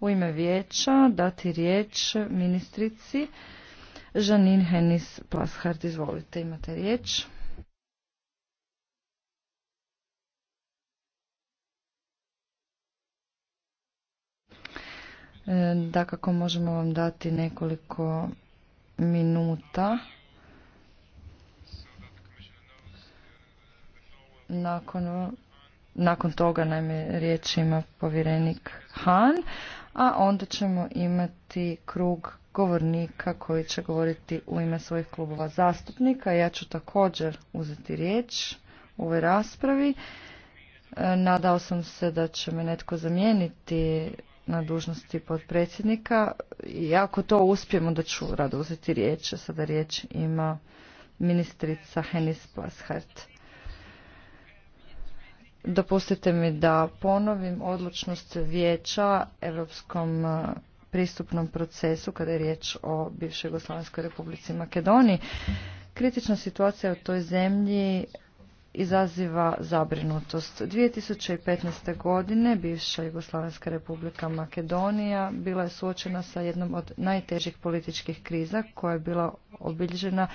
u ime vijeća dati riječ ministrici Žanin Henis Plashard. Izvolite, imate riječ. E, da, kako možemo vam dati nekoliko minuta nakon nakon toga naime riječ ima povjerenik Han, a onda ćemo imati krug govornika koji će govoriti u ime svojih klubova zastupnika. Ja ću također uzeti riječ u ovoj raspravi. E, nadao sam se da će me netko zamijeniti na dužnosti podpredsjednika i ako to uspijemo da ću rado uzeti riječ. Sada riječ ima ministrica Henis Plashart. Dopustite mi da ponovim odlučnost vijeća Europskom e, pristupnom procesu kada je riječ o bivšoj Jugoslavenskoj republici Makedoniji. Kritična situacija u toj zemlji izaziva zabrinutost. 2015. godine bivša Jugoslavenska republika Makedonija bila je suočena sa jednom od najtežih političkih kriza koja je bila obilježena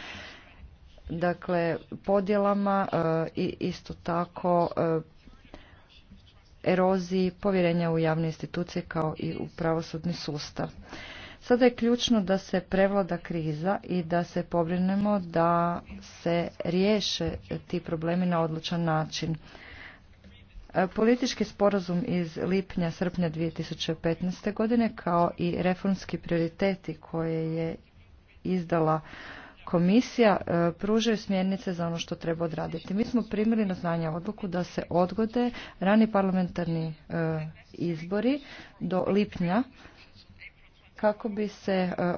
dakle podjelama e, i isto tako e, eroziji povjerenja u javne institucije kao i u pravosudni sustav. Sada je ključno da se prevlada kriza i da se pobrinemo da se riješe ti problemi na odlučan način. Politički sporazum iz lipnja srpnja 2015. godine kao i reformski prioriteti koje je izdala komisija e, pružaju smjernice za ono što treba odraditi. Mi smo primili na znanje odluku da se odgode rani parlamentarni e, izbori do lipnja kako bi se e,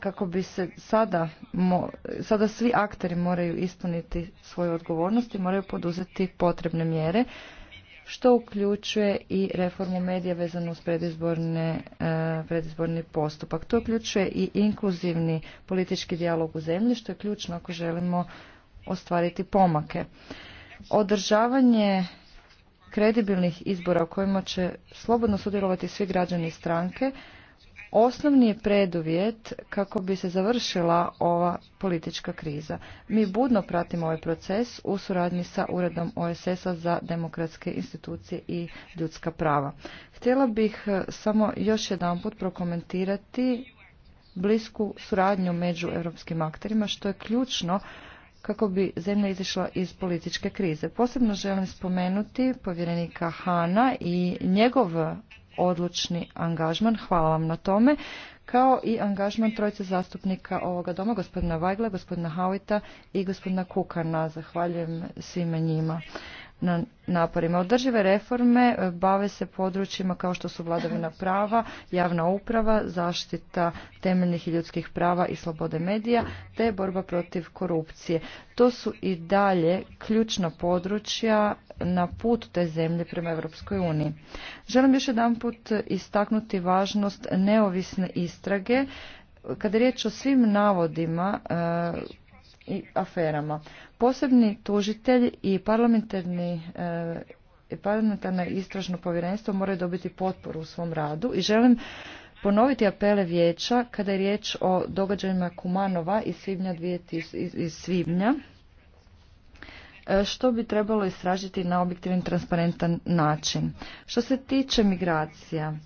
kako bi se sada, sada svi akteri moraju ispuniti svoju odgovornost i moraju poduzeti potrebne mjere što uključuje i reformu medija vezanu uz e, predizborni postupak. To uključuje i inkluzivni politički dijalog u zemlji, što je ključno ako želimo ostvariti pomake. Održavanje kredibilnih izbora u kojima će slobodno sudjelovati svi građani stranke osnovni je preduvjet kako bi se završila ova politička kriza. Mi budno pratimo ovaj proces u suradnji sa Uredom OSS-a za demokratske institucije i ljudska prava. Htjela bih e, samo još jedanput prokomentirati blisku suradnju među europskim akterima, što je ključno kako bi zemlja izišla iz političke krize. Posebno želim spomenuti povjerenika Hana i njegov odlučni angažman, hvala vam na tome, kao i angažman trojice zastupnika ovoga doma, gospodina Vajgla, gospodina Havita i gospodina Kukana. Zahvaljujem svima njima na naporima. Održive reforme e, bave se područjima kao što su vladavina prava, javna uprava, zaštita temeljnih i ljudskih prava i slobode medija, te borba protiv korupcije. To su i dalje ključna područja na put te zemlje prema Europskoj uniji. Želim još jedanput istaknuti važnost neovisne istrage e, kada je riječ o svim navodima e, i aferama. Posebni tužitelj i parlamentarni e, parlamentarno istražno povjerenstvo moraju dobiti potporu u svom radu i želim ponoviti apele vijeća kada je riječ o događajima Kumanova iz svibnja, iz svibnja e, što bi trebalo istražiti na objektivni transparentan način. Što se tiče migracija,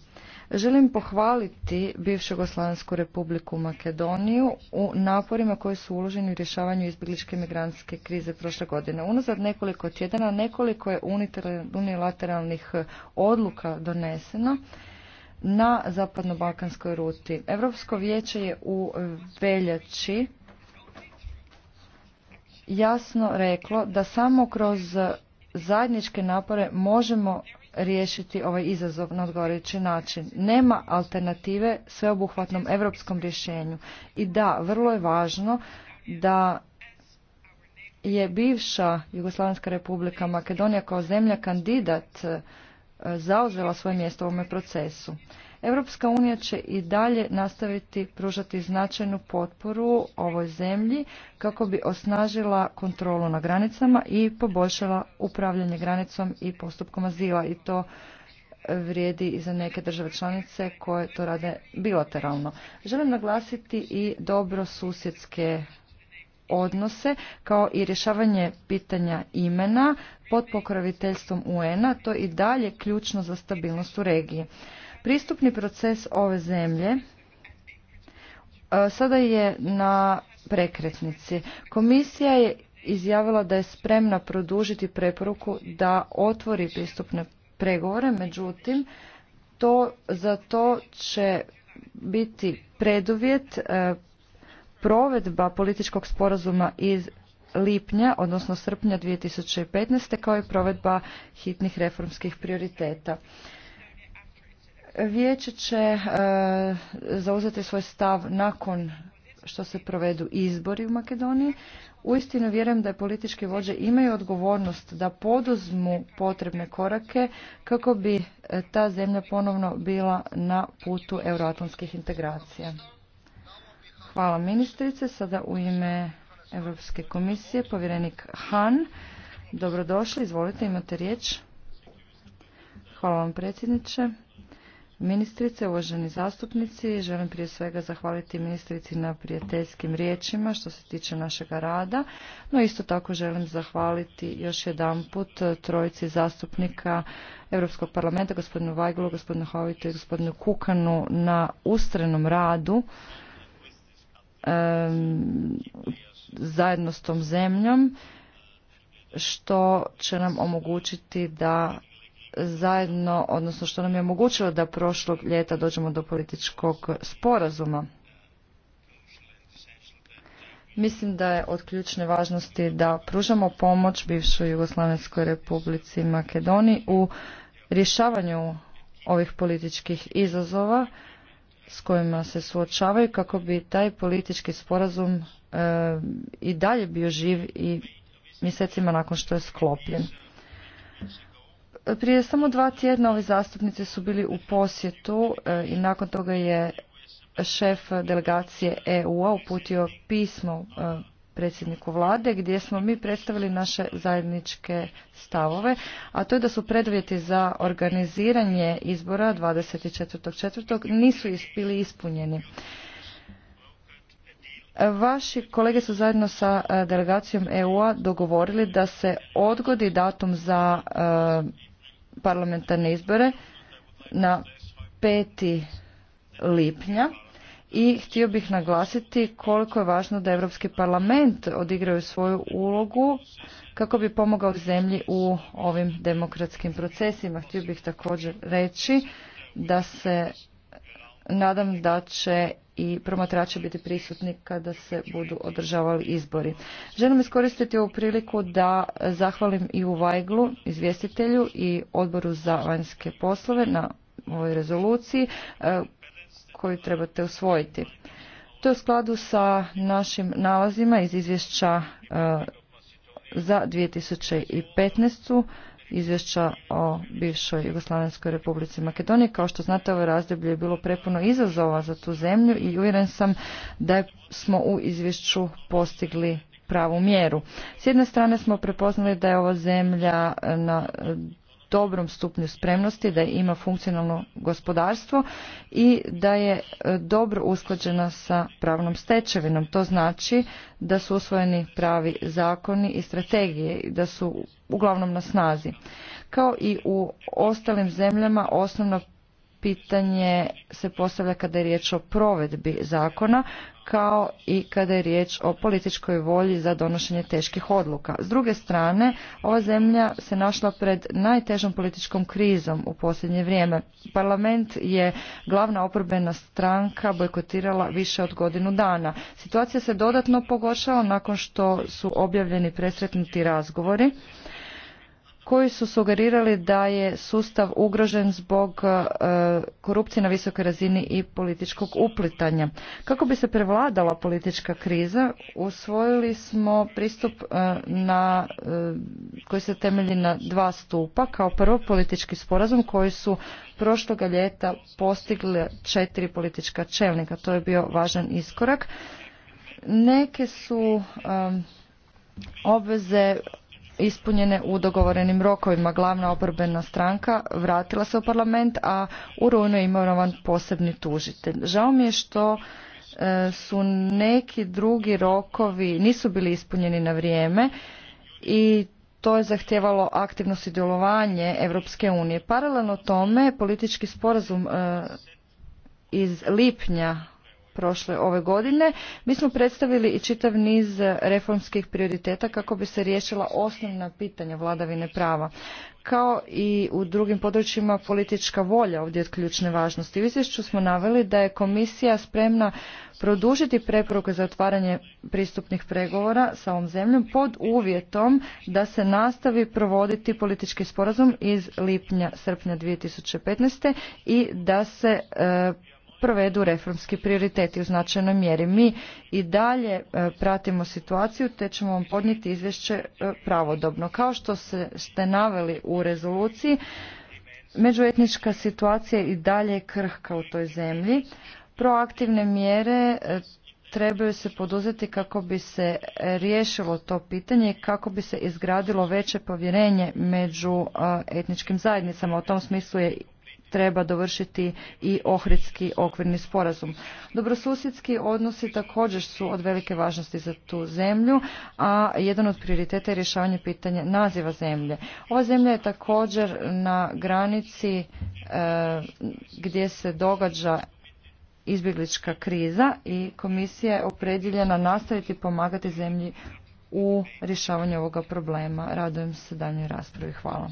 Želim pohvaliti bivšu Jugoslavensku republiku Makedoniju u naporima koji su uloženi u rješavanju izbjegličke migrantske krize prošle godine. Unazad nekoliko tjedana nekoliko je unilateralnih odluka doneseno na zapadno-balkanskoj ruti. Europsko vijeće je u veljači jasno reklo da samo kroz zajedničke napore možemo riješiti ovaj izazov na odgovarajući način. Nema alternative sveobuhvatnom europskom rješenju. I da, vrlo je važno da je bivša Jugoslavenska republika Makedonija kao zemlja kandidat e, zauzela svoje mjesto u ovome procesu. Europska unija će i dalje nastaviti pružati značajnu potporu ovoj zemlji kako bi osnažila kontrolu na granicama i poboljšala upravljanje granicom i postupkom azila i to vrijedi i za neke države članice koje to rade bilateralno. Želim naglasiti i dobro susjedske odnose kao i rješavanje pitanja imena pod pokroviteljstvom UN-a, to i dalje ključno za stabilnost u regiji. Pristupni proces ove zemlje e, sada je na prekretnici. Komisija je izjavila da je spremna produžiti preporuku da otvori pristupne pregovore, međutim, to za to će biti preduvjet e, provedba političkog sporazuma iz lipnja, odnosno srpnja 2015. kao i provedba hitnih reformskih prioriteta. Vijeće će e, zauzeti svoj stav nakon što se provedu izbori u Makedoniji. Uistinu vjerujem da je politički vođe imaju odgovornost da poduzmu potrebne korake kako bi e, ta zemlja ponovno bila na putu euroatlantskih integracija. Hvala ministrice. Sada u ime Europske komisije povjerenik Han. Dobrodošli, izvolite, imate riječ. Hvala vam predsjedniče ministrice, uvaženi zastupnici. Želim prije svega zahvaliti ministrici na prijateljskim riječima što se tiče našeg rada, no isto tako želim zahvaliti još jedanput trojici zastupnika Europskog parlamenta, gospodinu Vajglu, gospodinu Hovitu i gospodinu Kukanu na ustrenom radu zajedno s tom zemljom što će nam omogućiti da zajedno, odnosno što nam je omogućilo da prošlog ljeta dođemo do političkog sporazuma. Mislim da je od ključne važnosti da pružamo pomoć bivšoj Jugoslavenskoj republici Makedoniji u rješavanju ovih političkih izazova s kojima se suočavaju kako bi taj politički sporazum e, i dalje bio živ i mjesecima nakon što je sklopljen. Prije samo dva tjedna ovi zastupnici su bili u posjetu e, i nakon toga je šef delegacije EU-a uputio pismo e, predsjedniku vlade gdje smo mi predstavili naše zajedničke stavove, a to je da su preduvjeti za organiziranje izbora 24.4. nisu bili ispunjeni. Vaši kolege su zajedno sa e, delegacijom EU-a dogovorili da se odgodi datum za parlamentarne izbore na 5. lipnja i htio bih naglasiti koliko je važno da Europski parlament odigraju svoju ulogu kako bi pomogao zemlji u ovim demokratskim procesima. Htio bih također reći da se nadam da će i promatrači biti prisutni kada se budu održavali izbori. Želim iskoristiti ovu priliku da zahvalim i u Vajglu, izvjestitelju i odboru za vanjske poslove na ovoj rezoluciji e, koju trebate usvojiti. To je u skladu sa našim nalazima iz izvješća e, za 2015 izvješća o bivšoj Jugoslavenskoj republici Makedoniji. Kao što znate, ovo razdoblje je bilo prepuno izazova za tu zemlju i uvjeren sam da smo u izvješću postigli pravu mjeru. S jedne strane smo prepoznali da je ova zemlja na dobrom stupnju spremnosti, da ima funkcionalno gospodarstvo i da je e, dobro usklađena sa pravnom stečevinom. To znači da su usvojeni pravi zakoni i strategije i da su uglavnom na snazi. Kao i u ostalim zemljama osnovno pitanje se postavlja kada je riječ o provedbi zakona kao i kada je riječ o političkoj volji za donošenje teških odluka. S druge strane, ova zemlja se našla pred najtežom političkom krizom u posljednje vrijeme. Parlament je glavna oporbena stranka bojkotirala više od godinu dana. Situacija se dodatno pogoršala nakon što su objavljeni presretnuti razgovori koji su sugerirali da je sustav ugrožen zbog e, korupcije na visokoj razini i političkog uplitanja. Kako bi se prevladala politička kriza, usvojili smo pristup e, na, e, koji se temelji na dva stupa. Kao prvo politički sporazum koji su prošloga ljeta postigli četiri politička čelnika. To je bio važan iskorak. Neke su obveze ispunjene u dogovorenim rokovima. Glavna oporbena stranka vratila se u parlament, a u rujnu je imenovan posebni tužitelj. Žao mi je što e, su neki drugi rokovi nisu bili ispunjeni na vrijeme i to je zahtjevalo aktivno sudjelovanje Europske unije. Paralelno tome politički sporazum e, iz lipnja prošle ove godine, mi smo predstavili i čitav niz reformskih prioriteta kako bi se riješila osnovna pitanja vladavine prava. Kao i u drugim područjima politička volja ovdje od ključne važnosti. U izvješću smo naveli da je komisija spremna produžiti preporuke za otvaranje pristupnih pregovora sa ovom zemljom pod uvjetom da se nastavi provoditi politički sporazum iz lipnja srpnja 2015. i da se e, provedu reformski prioriteti u značajnoj mjeri. Mi i dalje e, pratimo situaciju te ćemo vam podnijeti izvješće e, pravodobno. Kao što ste naveli u rezoluciji, međuetnička situacija i dalje je krhka u toj zemlji. Proaktivne mjere e, trebaju se poduzeti kako bi se riješilo to pitanje i kako bi se izgradilo veće povjerenje među etničkim zajednicama. U tom smislu je treba dovršiti i Ohridski okvirni sporazum. Dobrosusjedski odnosi također su od velike važnosti za tu zemlju, a jedan od prioriteta je rješavanje pitanja naziva zemlje. Ova zemlja je također na granici e, gdje se događa izbjeglička kriza i komisija je opredjeljena nastaviti pomagati zemlji u rješavanju ovoga problema. Radujem se daljnjoj raspravi. Hvala.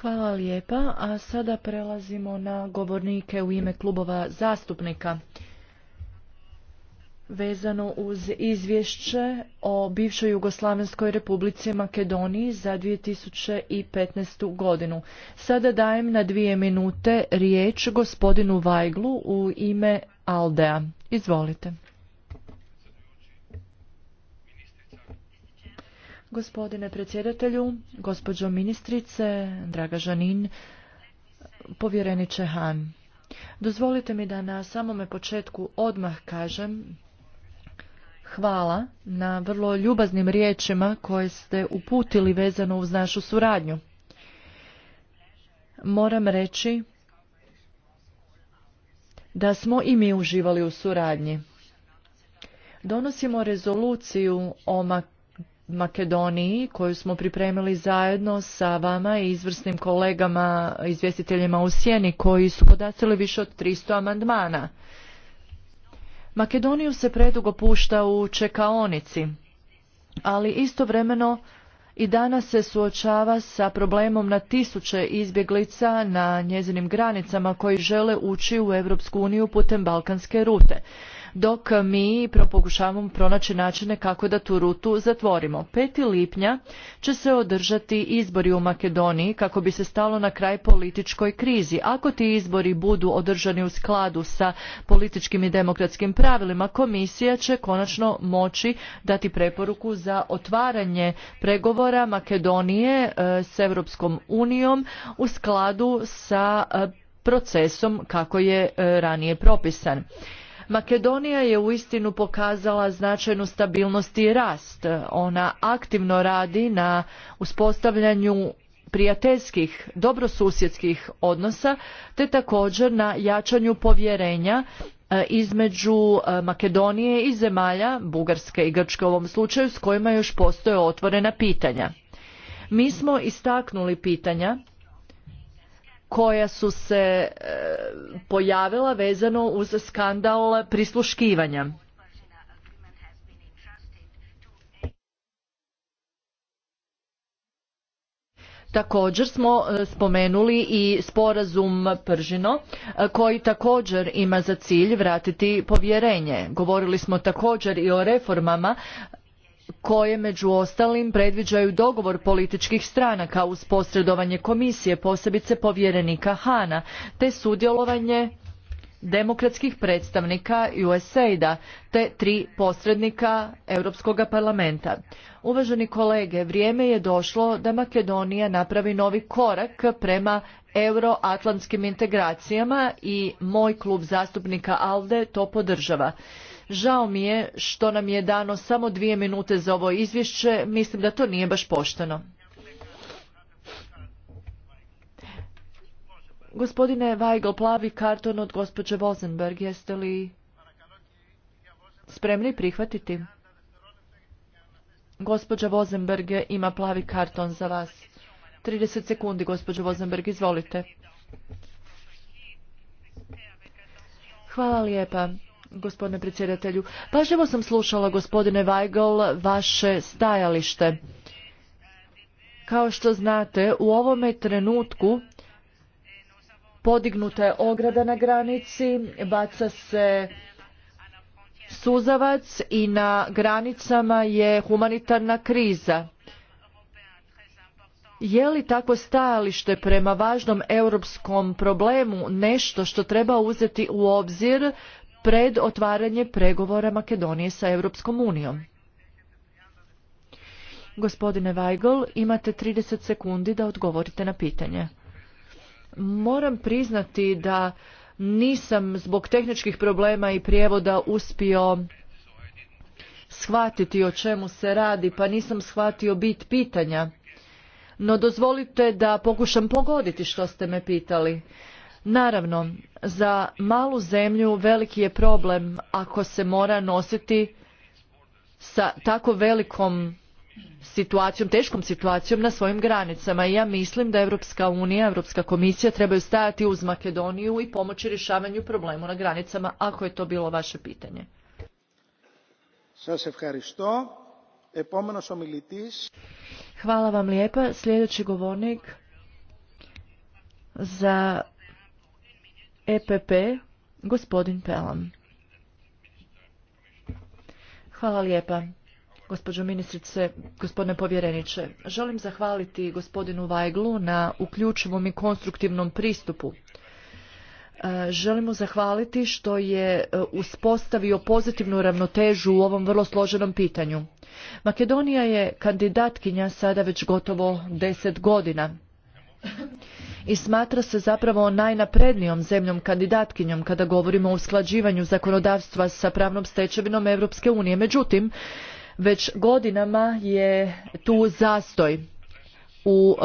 Hvala lijepa, a sada prelazimo na govornike u ime klubova zastupnika. Vezano uz izvješće o bivšoj Jugoslavenskoj republici Makedoniji za 2015. godinu. Sada dajem na dvije minute riječ gospodinu Vajglu u ime Aldea. Izvolite. Gospodine predsjedatelju, gospođo ministrice, draga Žanin, povjereniče Han, dozvolite mi da na samome početku odmah kažem hvala na vrlo ljubaznim riječima koje ste uputili vezano uz našu suradnju. Moram reći da smo i mi uživali u suradnji. Donosimo rezoluciju o Makedoniji koju smo pripremili zajedno sa vama i izvrsnim kolegama izvjestiteljima u Sjeni koji su podacili više od 300 amandmana. Makedoniju se predugo pušta u čekaonici, ali istovremeno i danas se suočava sa problemom na tisuće izbjeglica na njezinim granicama koji žele ući u Europsku uniju putem balkanske rute dok mi pokušavamo pronaći načine kako da tu rutu zatvorimo. 5. lipnja će se održati izbori u Makedoniji kako bi se stalo na kraj političkoj krizi. Ako ti izbori budu održani u skladu sa političkim i demokratskim pravilima, komisija će konačno moći dati preporuku za otvaranje pregovora Makedonije e, s Europskom unijom u skladu sa e, procesom kako je e, ranije propisan. Makedonija je uistinu pokazala značajnu stabilnost i rast. Ona aktivno radi na uspostavljanju prijateljskih dobrosusjedskih odnosa te također na jačanju povjerenja e, između e, Makedonije i zemalja Bugarske i Grčke u ovom slučaju s kojima još postoje otvorena pitanja. Mi smo istaknuli pitanja koja su se e, pojavila vezano uz skandal prisluškivanja. Također smo e, spomenuli i sporazum Pržino e, koji također ima za cilj vratiti povjerenje. Govorili smo također i o reformama koje među ostalim predviđaju dogovor političkih stranaka uz posredovanje komisije, posebice povjerenika Hana, te sudjelovanje demokratskih predstavnika USAID-a te tri posrednika Europskog parlamenta. Uvaženi kolege, vrijeme je došlo da Makedonija napravi novi korak prema euroatlantskim integracijama i moj klub zastupnika ALDE to podržava. Žao mi je što nam je dano samo dvije minute za ovo izvješće. Mislim da to nije baš pošteno. Gospodine Weigl, plavi karton od gospođe Vozenberg, jeste li spremni prihvatiti? Gospođa Vozenberg ima plavi karton za vas. 30 sekundi, gospođo Vozenberg, izvolite. Hvala lijepa gospodine predsjedatelju. Pažljivo sam slušala, gospodine Weigel, vaše stajalište. Kao što znate, u ovome trenutku podignuta je ograda na granici, baca se suzavac i na granicama je humanitarna kriza. Je li takvo stajalište prema važnom europskom problemu nešto što treba uzeti u obzir pred otvaranje pregovora Makedonije sa Europskom unijom. Gospodine Weigl, imate 30 sekundi da odgovorite na pitanje. Moram priznati da nisam zbog tehničkih problema i prijevoda uspio shvatiti o čemu se radi, pa nisam shvatio bit pitanja. No dozvolite da pokušam pogoditi što ste me pitali. Naravno, za malu zemlju veliki je problem ako se mora nositi sa tako velikom situacijom, teškom situacijom na svojim granicama. I ja mislim da Europska unija, Europska komisija trebaju stajati uz Makedoniju i pomoći rješavanju problemu na granicama, ako je to bilo vaše pitanje. Hvala vam lijepa. Sljedeći govornik za EPP, gospodin Pelam. Hvala lijepa. Gospođo ministrice, gospodine povjereniče, želim zahvaliti gospodinu Vajglu na uključivom i konstruktivnom pristupu. E, želimo zahvaliti što je e, uspostavio pozitivnu ravnotežu u ovom vrlo složenom pitanju. Makedonija je kandidatkinja sada već gotovo deset godina i smatra se zapravo najnaprednijom zemljom kandidatkinjom kada govorimo o usklađivanju zakonodavstva sa pravnom stečevinom Europske unije. Međutim, već godinama je tu zastoj u e,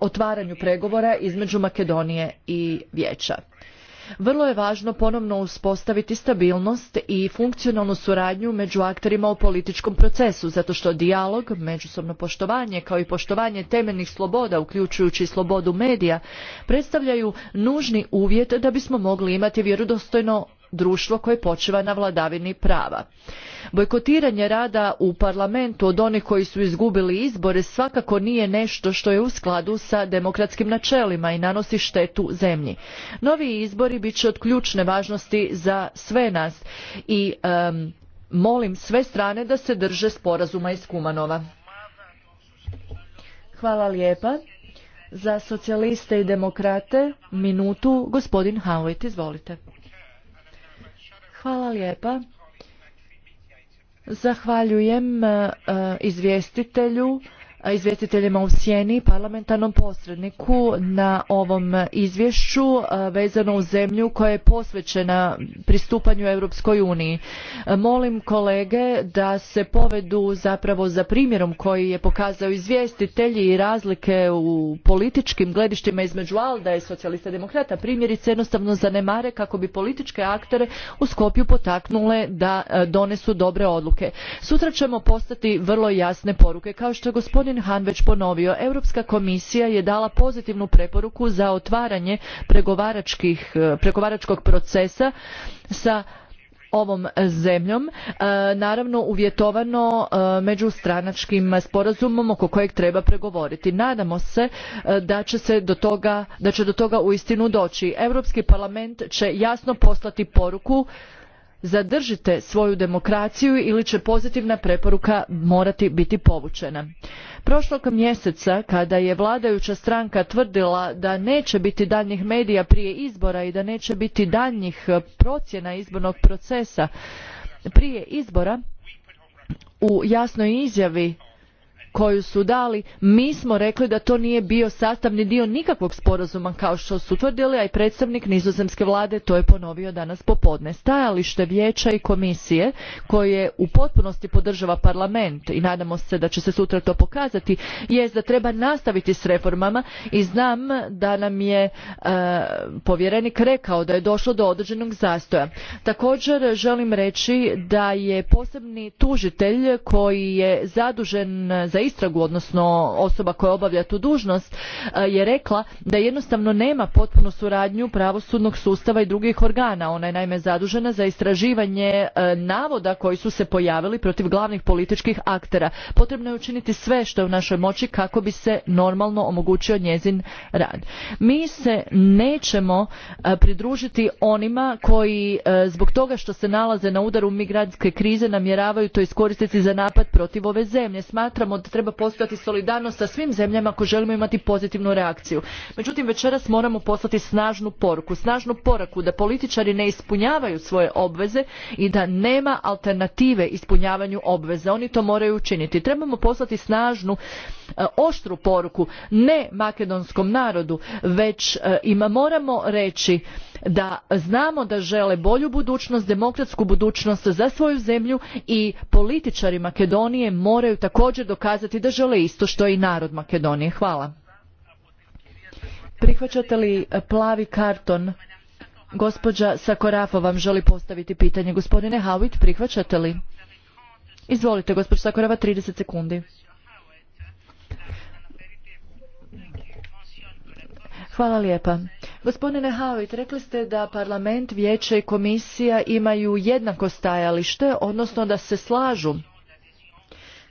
otvaranju pregovora između Makedonije i Vijeća. Vrlo je važno ponovno uspostaviti stabilnost i funkcionalnu suradnju među akterima u političkom procesu, zato što dijalog, međusobno poštovanje kao i poštovanje temeljnih sloboda, uključujući slobodu medija, predstavljaju nužni uvjet da bismo mogli imati vjerodostojno društvo koje počiva na vladavini prava. Bojkotiranje rada u parlamentu od onih koji su izgubili izbore svakako nije nešto što je u skladu sa demokratskim načelima i nanosi štetu zemlji. Novi izbori bit će od ključne važnosti za sve nas i molim sve strane da se drže sporazuma iz Kumanova. Hvala lijepa. Za socijaliste i demokrate minutu gospodin Howitt, izvolite. Hvala lijepa. Zahvaljujem e, izvjestitelju izvjestiteljima u sjeni parlamentarnom posredniku na ovom izvješću vezano uz zemlju koja je posvećena pristupanju Europskoj uniji. Molim kolege da se povedu zapravo za primjerom koji je pokazao izvjestitelj i razlike u političkim gledištima između Alda i socijalista demokrata primjerice jednostavno zanemare kako bi političke aktere u Skopju potaknule da donesu dobre odluke. Sutra ćemo postati vrlo jasne poruke. Kao što je gospodin gospodin Han već ponovio, Europska komisija je dala pozitivnu preporuku za otvaranje e, pregovaračkog procesa sa ovom zemljom e, naravno uvjetovano e, međustranačkim sporazumom oko kojeg treba pregovoriti. Nadamo se da će do toga, da će do toga uistinu doći. Europski parlament će jasno poslati poruku zadržite svoju demokraciju ili će pozitivna preporuka morati biti povučena. Prošlog mjeseca, kada je vladajuća stranka tvrdila da neće biti daljnjih medija prije izbora i da neće biti daljnjih eh, procjena izbornog procesa prije izbora, u jasnoj izjavi koju su dali mi smo rekli da to nije bio sastavni dio nikakvog sporazuma kao što su tvrdili a i predstavnik nizozemske vlade to je ponovio danas popodne. stajalište vijeća i komisije koje u potpunosti podržava parlament i nadamo se da će se sutra to pokazati jest da treba nastaviti s reformama i znam da nam je e, povjerenik rekao da je došlo do određenog zastoja. također želim reći da je posebni tužitelj koji je zadužen za istragu, odnosno osoba koja obavlja tu dužnost, e, je rekla da jednostavno nema potpunu suradnju pravosudnog sustava i drugih organa. Ona je naime zadužena za istraživanje e, navoda koji su se pojavili protiv glavnih političkih aktera. Potrebno je učiniti sve što je u našoj moći kako bi se normalno omogućio njezin rad. Mi se nećemo e, pridružiti onima koji zbog toga što se nalaze na udaru migrantske krize namjeravaju to iskoristiti za napad protiv ove zemlje. Smatramo da treba postojati solidarnost sa svim zemljama ako želimo imati pozitivnu reakciju. Međutim, večeras moramo poslati snažnu poruku. Snažnu poruku da političari ne ispunjavaju svoje obveze i da nema alternative ispunjavanju obveza. Oni to moraju učiniti. Trebamo poslati snažnu E, oštru poruku ne makedonskom narodu već e, ima moramo reći da znamo da žele bolju budućnost demokratsku budućnost za svoju zemlju i političari makedonije moraju također dokazati da žele isto što i narod makedonije hvala prihvaćate li plavi karton gospođa Sakorafo vam želi postaviti pitanje gospodine howitt prihvaćate li izvolite gospođo sakorava trideset sekundi Hvala lijepa. Gospodine Howitt, rekli ste da parlament, vijeće i komisija imaju jednako stajalište, odnosno da se slažu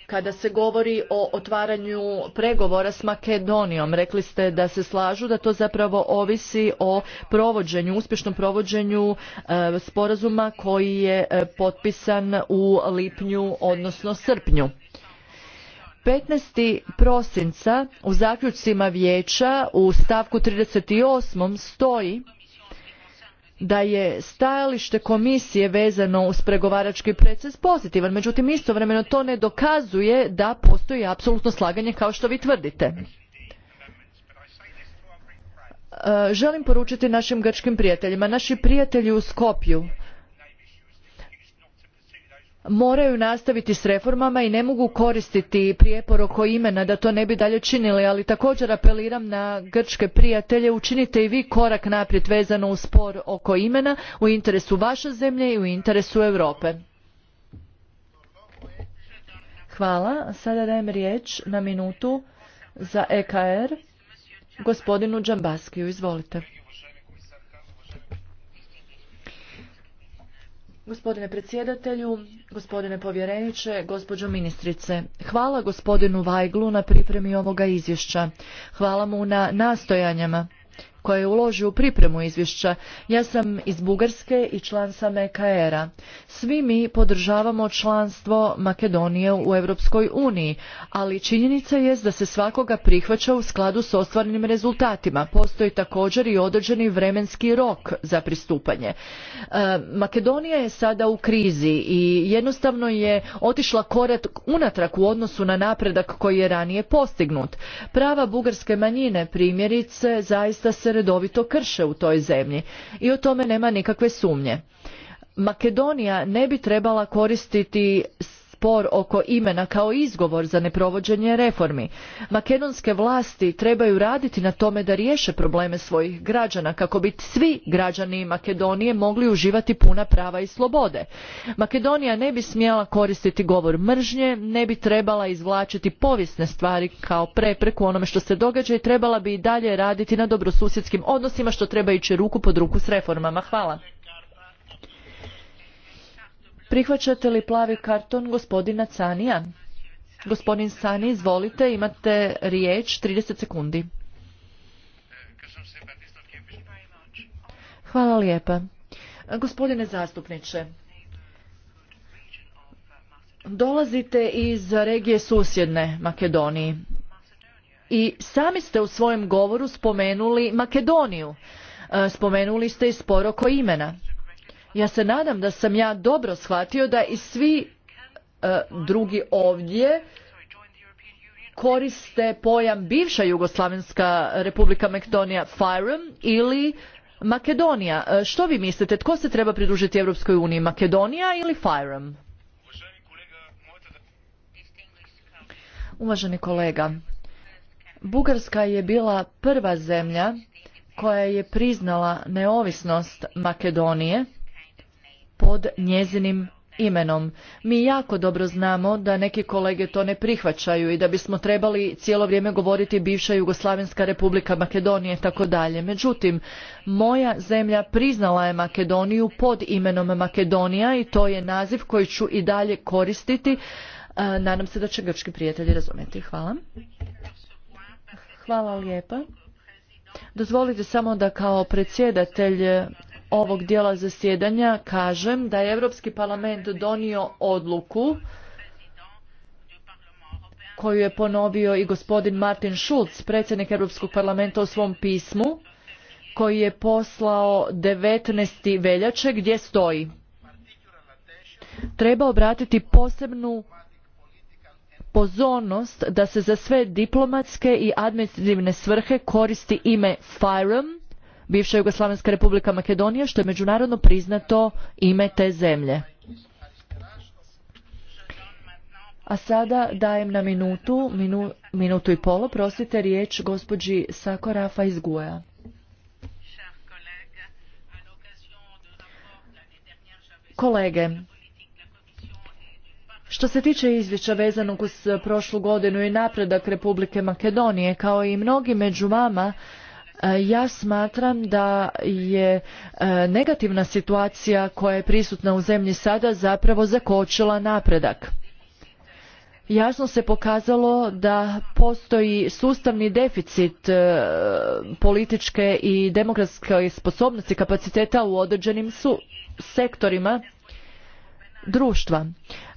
kada se govori o otvaranju pregovora s Makedonijom, rekli ste da se slažu da to zapravo ovisi o provođenju, uspješnom provođenju e, sporazuma koji je e, potpisan u lipnju, odnosno srpnju. 15. prosinca u zaključcima vijeća u stavku 38. stoji da je stajalište komisije vezano uz pregovarački proces pozitivan, međutim istovremeno to ne dokazuje da postoji apsolutno slaganje kao što vi tvrdite. E, želim poručiti našim grčkim prijateljima, naši prijatelji u Skopju moraju nastaviti s reformama i ne mogu koristiti prijepor oko imena da to ne bi dalje činili ali također apeliram na grčke prijatelje učinite i vi korak naprijed vezano uz spor oko imena u interesu vaše zemlje i u interesu europe. Hvala. Sada dajem riječ na minutu za EKR er, gospodinu Džambaskiju. Izvolite. Gospodine predsjedatelju, gospodine povjereniče, gospođo ministrice, hvala gospodinu Vajglu na pripremi ovoga izvješća. Hvala mu na nastojanjama koje je uložio u pripremu izvješća. Ja sam iz Bugarske i član sam EKR-a. Svi mi podržavamo članstvo Makedonije u Europskoj uniji, ali činjenica je da se svakoga prihvaća u skladu s ostvarenim rezultatima. Postoji također i određeni vremenski rok za pristupanje. E, Makedonija je sada u krizi i jednostavno je otišla korak unatrag u odnosu na napredak koji je ranije postignut. Prava bugarske manjine primjerice zaista se redovito krše u toj zemlji i o tome nema nikakve sumnje. Makedonija ne bi trebala koristiti spor oko imena kao izgovor za neprovođenje reformi. Makedonske vlasti trebaju raditi na tome da riješe probleme svojih građana kako bi svi građani Makedonije mogli uživati puna prava i slobode. Makedonija ne bi smjela koristiti govor mržnje, ne bi trebala izvlačiti povijesne stvari kao prepreku onome što se događa i trebala bi i dalje raditi na dobrosusjedskim odnosima što treba ići ruku pod ruku s reformama. Hvala. Prihvaćate li plavi karton gospodina Canija? Gospodin Sani, izvolite, imate riječ, 30 sekundi. Hvala lijepa. Gospodine zastupniče, dolazite iz regije susjedne Makedoniji i sami ste u svojem govoru spomenuli Makedoniju. E, spomenuli ste i sporoko imena. Ja se nadam da sam ja dobro shvatio da i svi e, drugi ovdje koriste pojam bivša Jugoslavenska republika Makedonija Firem ili Makedonija. E, što vi mislite, tko se treba pridružiti Europskoj uniji, Makedonija ili Firem? Uvaženi kolega, Bugarska je bila prva zemlja koja je priznala neovisnost Makedonije pod njezinim imenom. Mi jako dobro znamo da neki kolege to ne prihvaćaju i da bismo trebali cijelo vrijeme govoriti bivša Jugoslavenska republika Makedonije i tako dalje. Međutim, moja zemlja priznala je Makedoniju pod imenom Makedonija i to je naziv koji ću i dalje koristiti. E, nadam se da će grčki prijatelji razumjeti. Hvala. Hvala lijepa. Dozvolite samo da kao predsjedatelj ovog dijela zasjedanja kažem da je Europski parlament donio odluku koju je ponovio i gospodin Martin Schulz, predsjednik Europskog parlamenta u svom pismu koji je poslao 19. veljače gdje stoji treba obratiti posebnu pozornost da se za sve diplomatske i administrativne svrhe koristi ime Firem bivša Jugoslavenska republika Makedonija, što je međunarodno priznato ime te zemlje. A sada dajem na minutu, minutu i polo, prosite riječ gospođi Sako Rafa iz Guja. Kolege, što se tiče izvješća vezanog uz prošlu godinu i napredak Republike Makedonije, kao i mnogi među vama, E, ja smatram da je e, negativna situacija koja je prisutna u zemlji sada zapravo zakočila napredak. Jasno se pokazalo da postoji sustavni deficit e, političke i demokratske sposobnosti kapaciteta u određenim sektorima društva.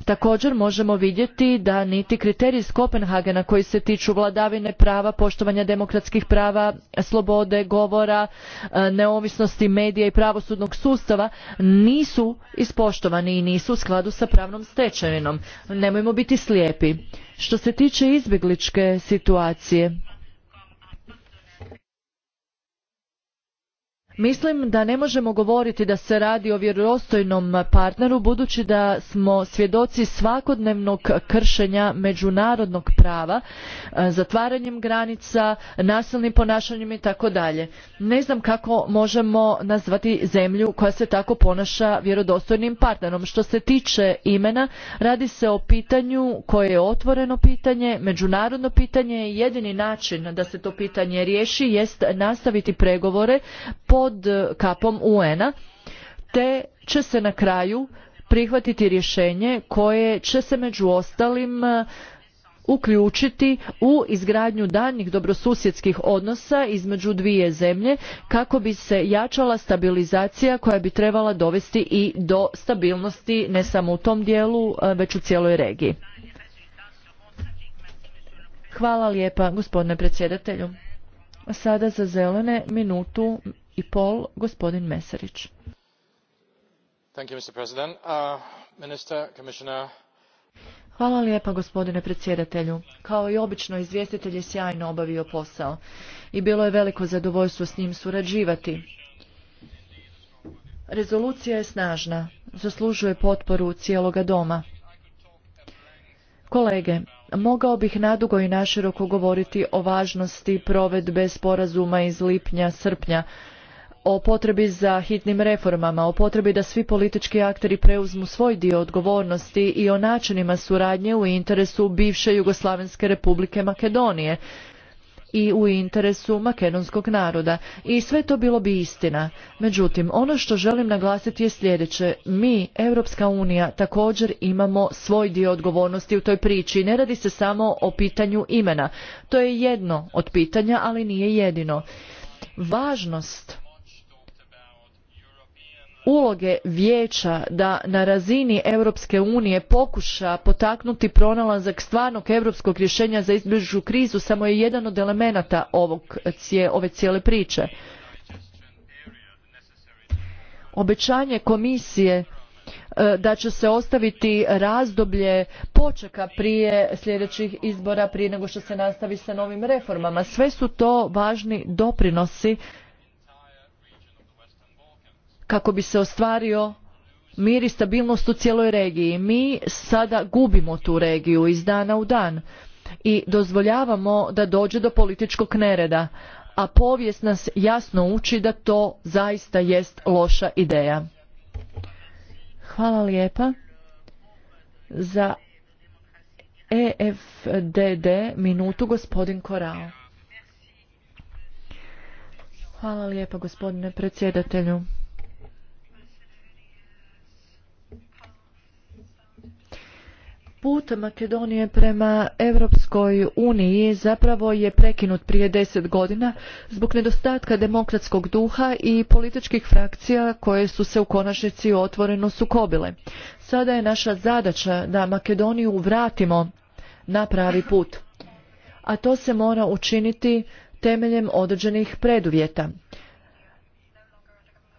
Također možemo vidjeti da niti kriteriji iz Kopenhagena koji se tiču vladavine prava, poštovanja demokratskih prava, slobode, govora, e, neovisnosti medija i pravosudnog sustava nisu ispoštovani i nisu u skladu sa pravnom stečevinom. Nemojmo biti slijepi. Što se tiče izbjegličke situacije, Mislim da ne možemo govoriti da se radi o vjerodostojnom partneru budući da smo svjedoci svakodnevnog kršenja međunarodnog prava, e, zatvaranjem granica, nasilnim ponašanjem i tako dalje. Ne znam kako možemo nazvati zemlju koja se tako ponaša vjerodostojnim partnerom. Što se tiče imena, radi se o pitanju koje je otvoreno pitanje, međunarodno pitanje i jedini način da se to pitanje riješi jest nastaviti pregovore po pod kapom UN-a te će se na kraju prihvatiti rješenje koje će se među ostalim e, uključiti u izgradnju daljnjih dobrosusjedskih odnosa između dvije zemlje kako bi se jačala stabilizacija koja bi trebala dovesti i do stabilnosti ne samo u tom dijelu e, već u cijeloj regiji. Hvala lijepa gospodine predsjedatelju. Sada za zelene minutu i pol gospodin Meserić. Uh, Hvala lijepa gospodine predsjedatelju. Kao i obično izvjestitelj je sjajno obavio posao i bilo je veliko zadovoljstvo s njim surađivati. Rezolucija je snažna, zaslužuje potporu cijeloga doma. Kolege, mogao bih nadugo i naširoko govoriti o važnosti provedbe sporazuma iz lipnja-srpnja o potrebi za hitnim reformama, o potrebi da svi politički akteri preuzmu svoj dio odgovornosti i o načinima suradnje u interesu bivše Jugoslavenske republike Makedonije i u interesu makedonskog naroda. I sve to bilo bi istina. Međutim, ono što želim naglasiti je sljedeće. Mi, Europska unija, također imamo svoj dio odgovornosti u toj priči. Ne radi se samo o pitanju imena. To je jedno od pitanja, ali nije jedino. Važnost uloge vijeća da na razini Europske unije pokuša potaknuti pronalazak stvarnog europskog rješenja za izbližu krizu samo je jedan od elemenata ovog, ove cijele priče. Obećanje komisije e, da će se ostaviti razdoblje počeka prije sljedećih izbora prije nego što se nastavi sa novim reformama. Sve su to važni doprinosi kako bi se ostvario mir i stabilnost u cijeloj regiji. Mi sada gubimo tu regiju iz dana u dan i dozvoljavamo da dođe do političkog nereda, a povijest nas jasno uči da to zaista jest loša ideja. Hvala lijepa. Za EFDD minutu gospodin Korao. Hvala lijepa gospodine predsjedatelju. Put Makedonije prema Europskoj uniji zapravo je prekinut prije deset godina zbog nedostatka demokratskog duha i političkih frakcija koje su se u konačnici otvoreno sukobile. Sada je naša zadaća da Makedoniju vratimo na pravi put, a to se mora učiniti temeljem određenih preduvjeta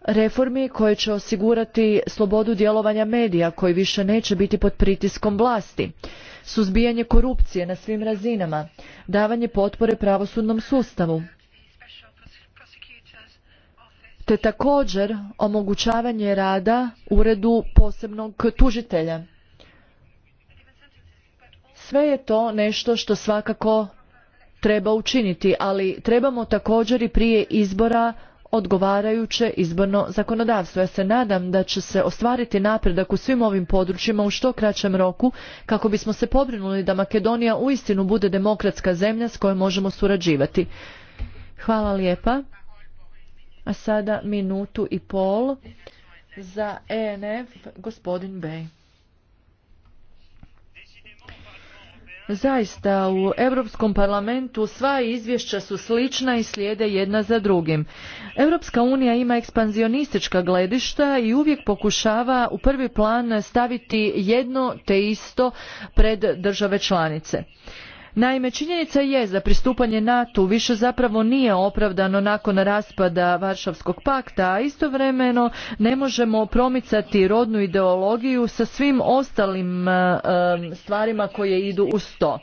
reformi koje će osigurati slobodu djelovanja medija koji više neće biti pod pritiskom vlasti suzbijanje korupcije na svim razinama davanje potpore pravosudnom sustavu te također omogućavanje rada uredu posebnog tužitelja sve je to nešto što svakako treba učiniti ali trebamo također i prije izbora odgovarajuće izborno zakonodavstvo. Ja se nadam da će se ostvariti napredak u svim ovim područjima u što kraćem roku kako bismo se pobrinuli da Makedonija uistinu bude demokratska zemlja s kojom možemo surađivati. Hvala lijepa. A sada minutu i pol za ENF gospodin Bey. Zaista u Europskom parlamentu sva izvješća su slična i slijede jedna za drugim. Europska unija ima ekspanzionistička gledišta i uvijek pokušava u prvi plan staviti jedno te isto pred države članice. Naime, činjenica je da pristupanje NATO više zapravo nije opravdano nakon raspada Varšavskog pakta, a istovremeno ne možemo promicati rodnu ideologiju sa svim ostalim e, stvarima koje idu uz to.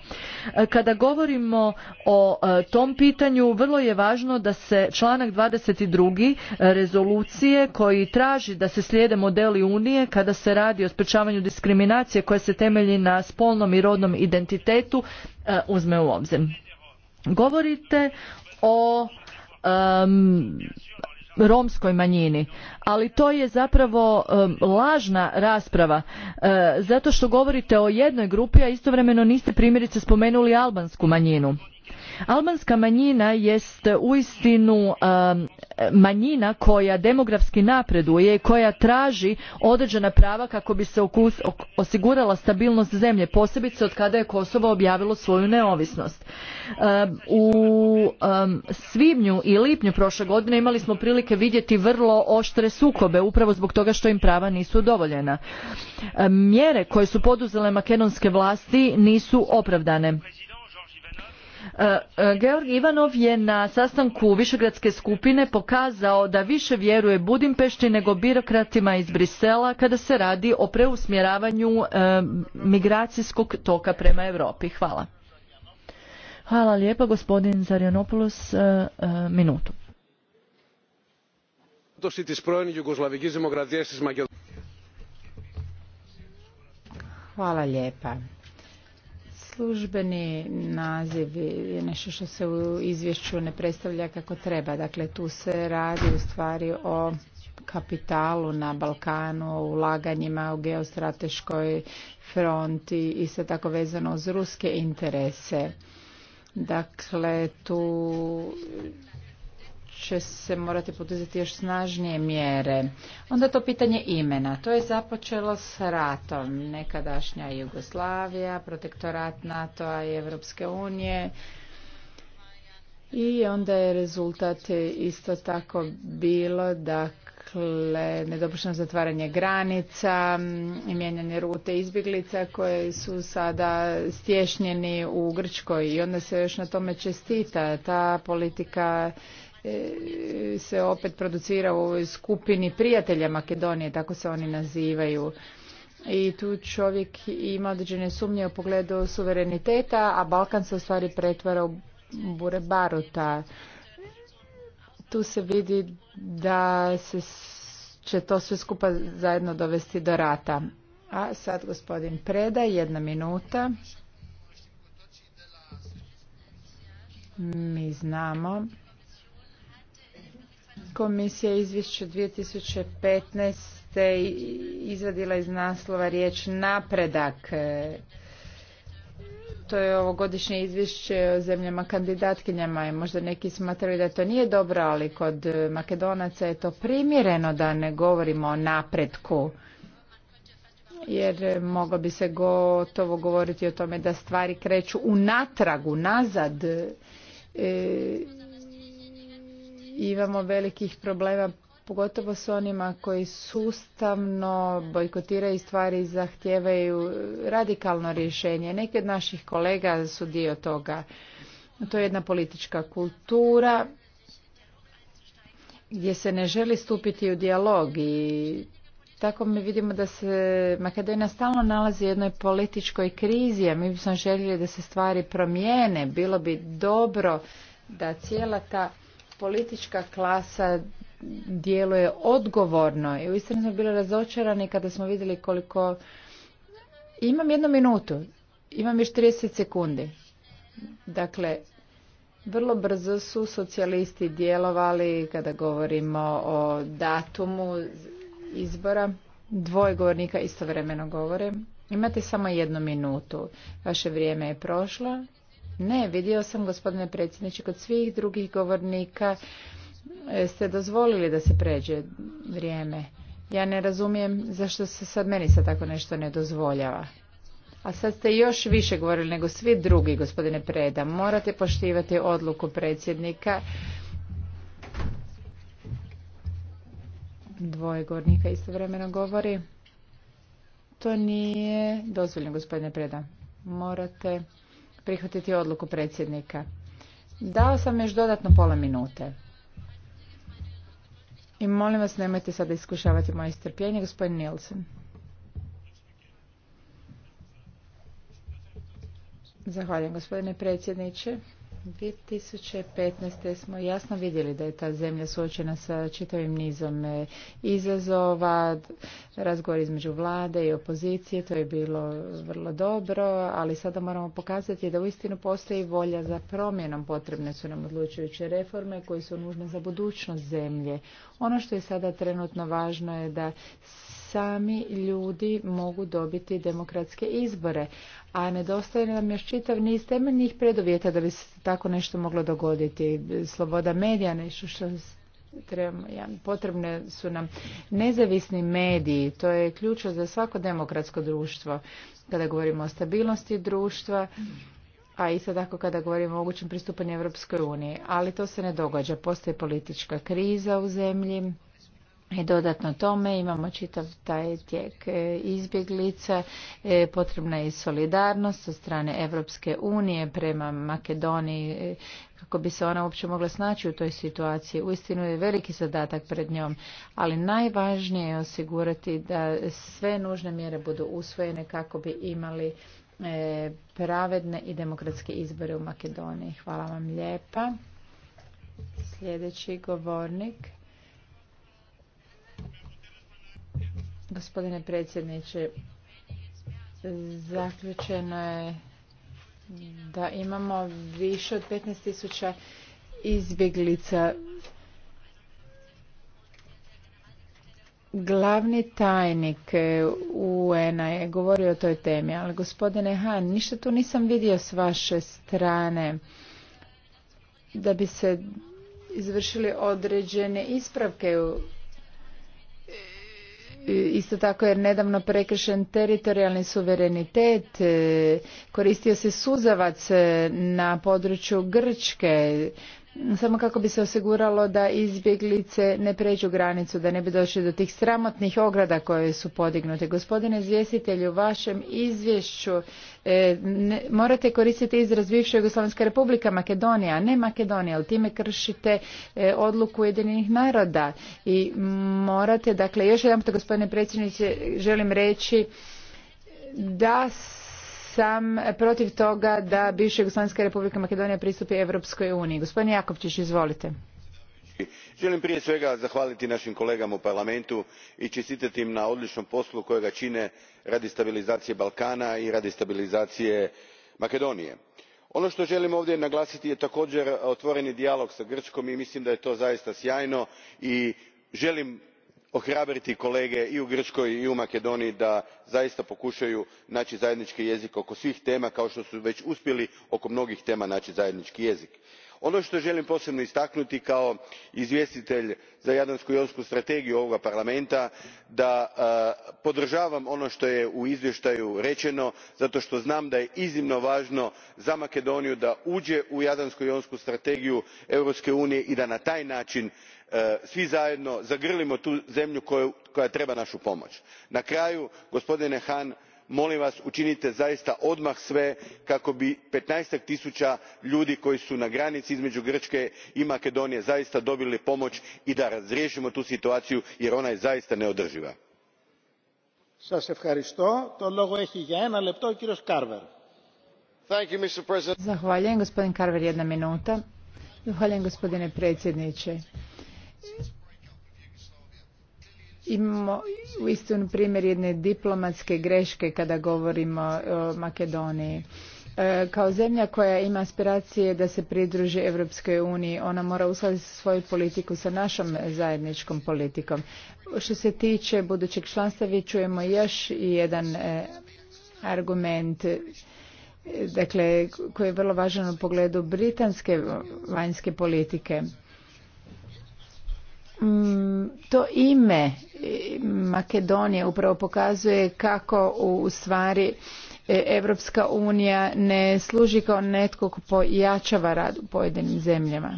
E, kada govorimo o e, tom pitanju, vrlo je važno da se članak 22. rezolucije koji traži da se slijede modeli Unije kada se radi o sprečavanju diskriminacije koja se temelji na spolnom i rodnom identitetu E, uzme u obzir. Govorite o romskoj manjini ali to je zapravo lažna rasprava e, zato što govorite o jednoj grupi a istovremeno niste primjerice spomenuli albansku manjinu Albanska manjina jest uistinu um, manjina koja demografski napreduje i koja traži određena prava kako bi se osigurala stabilnost zemlje, posebice od kada je Kosovo objavilo svoju neovisnost. Um, u um, svibnju i lipnju prošle godine imali smo prilike vidjeti vrlo oštre sukobe upravo zbog toga što im prava nisu dovoljena. Mjere koje su poduzele makedonske vlasti nisu opravdane. E, e, Georg Ivanov je na sastanku Višegradske skupine pokazao da više vjeruje Budimpešti nego birokratima iz Brisela kada se radi o preusmjeravanju e, migracijskog toka prema Europi. Hvala. Hvala lijepa gospodin Zarianopoulos, minutu. Hvala lijepa. Službeni naziv je nešto što se u izvješću ne predstavlja kako treba. Dakle, tu se radi u stvari o kapitalu na Balkanu, o ulaganjima u geostrateškoj fronti i se tako vezano uz ruske interese. Dakle, tu će se morati poduzeti još snažnije mjere. Onda to pitanje imena. To je započelo s ratom. Nekadašnja Jugoslavija, protektorat NATO-a i Europske unije. I onda je rezultat isto tako bilo da dakle nedopušteno zatvaranje granica i mijenjanje rute izbjeglica koje su sada stješnjeni u Grčkoj i onda se još na tome čestita. Ta politika E, se opet producira u ovoj skupini prijatelja Makedonije, tako se oni nazivaju. I tu čovjek ima određene sumnje u pogledu suvereniteta, a Balkan se u stvari pretvara u bure baruta. Tu se vidi da se će to sve skupa zajedno dovesti do rata. A sad gospodin Preda, jedna minuta. Mi znamo Komisija izvješće 2015. izvadila iz naslova riječ napredak. E, to je ovogodišnje izvješće o zemljama kandidatkinjama i možda neki smatraju da to nije dobro, ali kod Makedonaca je to primjereno da ne govorimo o napretku jer moglo bi se gotovo govoriti o tome da stvari kreću u natragu, nazad. E, imamo velikih problema pogotovo s onima koji sustavno bojkotiraju stvari i zahtijevaju radikalno rješenje. Neki od naših kolega su dio toga. To je jedna politička kultura gdje se ne želi stupiti u dijalog i tako mi vidimo da se Makedonija stalno nalazi u jednoj političkoj krizi, a mi bismo željeli da se stvari promijene. Bilo bi dobro da cijela ta politička klasa djeluje odgovorno i uistinu smo bili razočarani kada smo vidjeli koliko... Imam jednu minutu, imam još 30 sekundi. Dakle, vrlo brzo su socijalisti djelovali kada govorimo o datumu izbora. Dvoje govornika istovremeno govore. Imate samo jednu minutu. Vaše vrijeme je prošlo. Ne, vidio sam gospodine predsjedniče kod svih drugih govornika e, ste dozvolili da se pređe vrijeme. Ja ne razumijem zašto se sad meni sad tako nešto ne dozvoljava. A sad ste još više govorili nego svi drugi, gospodine Preda. Morate poštivati odluku predsjednika. Dvoje govornika istovremeno govori. To nije dozvoljeno, gospodine Preda. Morate prihvatiti odluku predsjednika. Dao sam još dodatno pola minute. I molim vas, nemojte sada iskušavati moje strpljenje, gospodin Nilsen. Zahvaljujem, gospodine predsjedniče. 2015. smo jasno vidjeli da je ta zemlja suočena sa čitavim nizom e, izazova, razgovor između vlade i opozicije, to je bilo vrlo dobro, ali sada moramo pokazati da uistinu postoji volja za promjenom. Potrebne su nam odlučujuće reforme koje su nužne za budućnost zemlje. Ono što je sada trenutno važno je da sami ljudi mogu dobiti demokratske izbore, a nedostaje nam još čitav niz temeljnih preduvjeta da bi se tako nešto moglo dogoditi. Sloboda medija, nešto što potrebne su nam nezavisni mediji, to je ključno za svako demokratsko društvo. Kada govorimo o stabilnosti društva, a isto tako kada govorimo o mogućem pristupanju Europskoj uniji. Ali to se ne događa. Postoji politička kriza u zemlji, i dodatno tome imamo čitav taj tijek e, izbjeglica, e, potrebna je i solidarnost od strane Europske unije prema Makedoniji e, kako bi se ona uopće mogla snaći u toj situaciji. Uistinu je veliki zadatak pred njom, ali najvažnije je osigurati da sve nužne mjere budu usvojene kako bi imali pravedne i demokratske izbore u Makedoniji. Hvala vam lijepa. Sljedeći govornik. Gospodine predsjedniče, zaključeno je da imamo više od 15.000 izbjeglica. Glavni tajnik UN-a je govorio o toj temi, ali gospodine Han, ništa tu nisam vidio s vaše strane da bi se izvršili određene ispravke u isto tako jer nedavno prekršen teritorijalni suverenitet, e, koristio se suzavac e, na području Grčke, samo kako bi se osiguralo da izbjeglice ne pređu granicu, da ne bi došli do tih sramotnih ograda koje su podignute. Gospodine izvjestitelju, u vašem izvješću e, ne, morate koristiti izraz bivše Jugoslavenska republika Makedonija, a ne Makedonija, ali time kršite e, odluku Ujedinjenih naroda i morate, dakle, još jedan gospodine predsjedniče, želim reći da sam protiv toga da bivša republika Makedonija pristupi Europskoj uniji. Gospodin Jakovčić, izvolite. Želim prije svega zahvaliti našim kolegama u parlamentu i čestitati im na odličnom poslu kojega čine radi stabilizacije Balkana i radi stabilizacije Makedonije. Ono što želim ovdje naglasiti je također otvoreni dijalog sa Grčkom i mislim da je to zaista sjajno i želim ohrabriti kolege i u grčkoj i u makedoniji da zaista pokušaju naći zajednički jezik oko svih tema kao što su već uspjeli oko mnogih tema naći zajednički jezik. ono što želim posebno istaknuti kao izvjestitelj za jadransko jonsku strategiju ovoga parlamenta da e, podržavam ono što je u izvještaju rečeno zato što znam da je iznimno važno za makedoniju da uđe u jadransko jonsku strategiju europske unije i da na taj način E, svi zajedno zagrlimo tu zemlju koja treba našu pomoć. na kraju gospodine hahn molim vas učinite zaista odmah sve kako bi petnaestak tisuća ljudi koji su na granici između grčke i makedonije zaista dobili pomoć i da razriješimo tu situaciju jer ona je zaista neodrživa. Zahvaljujem, jedna gospodine predsjedniče. Imamo uistinu primjer jedne diplomatske greške kada govorimo o Makedoniji. E, kao zemlja koja ima aspiracije da se pridruži Europskoj uniji, ona mora uskladiti svoju politiku sa našom zajedničkom politikom. Što se tiče budućeg članstva, vi čujemo još jedan e, argument e, dakle, koji je vrlo važan u pogledu britanske vanjske politike. Mm, to ime e, Makedonije upravo pokazuje kako u stvari e, Evropska unija ne služi kao netko ko pojačava rad u pojedinim zemljama.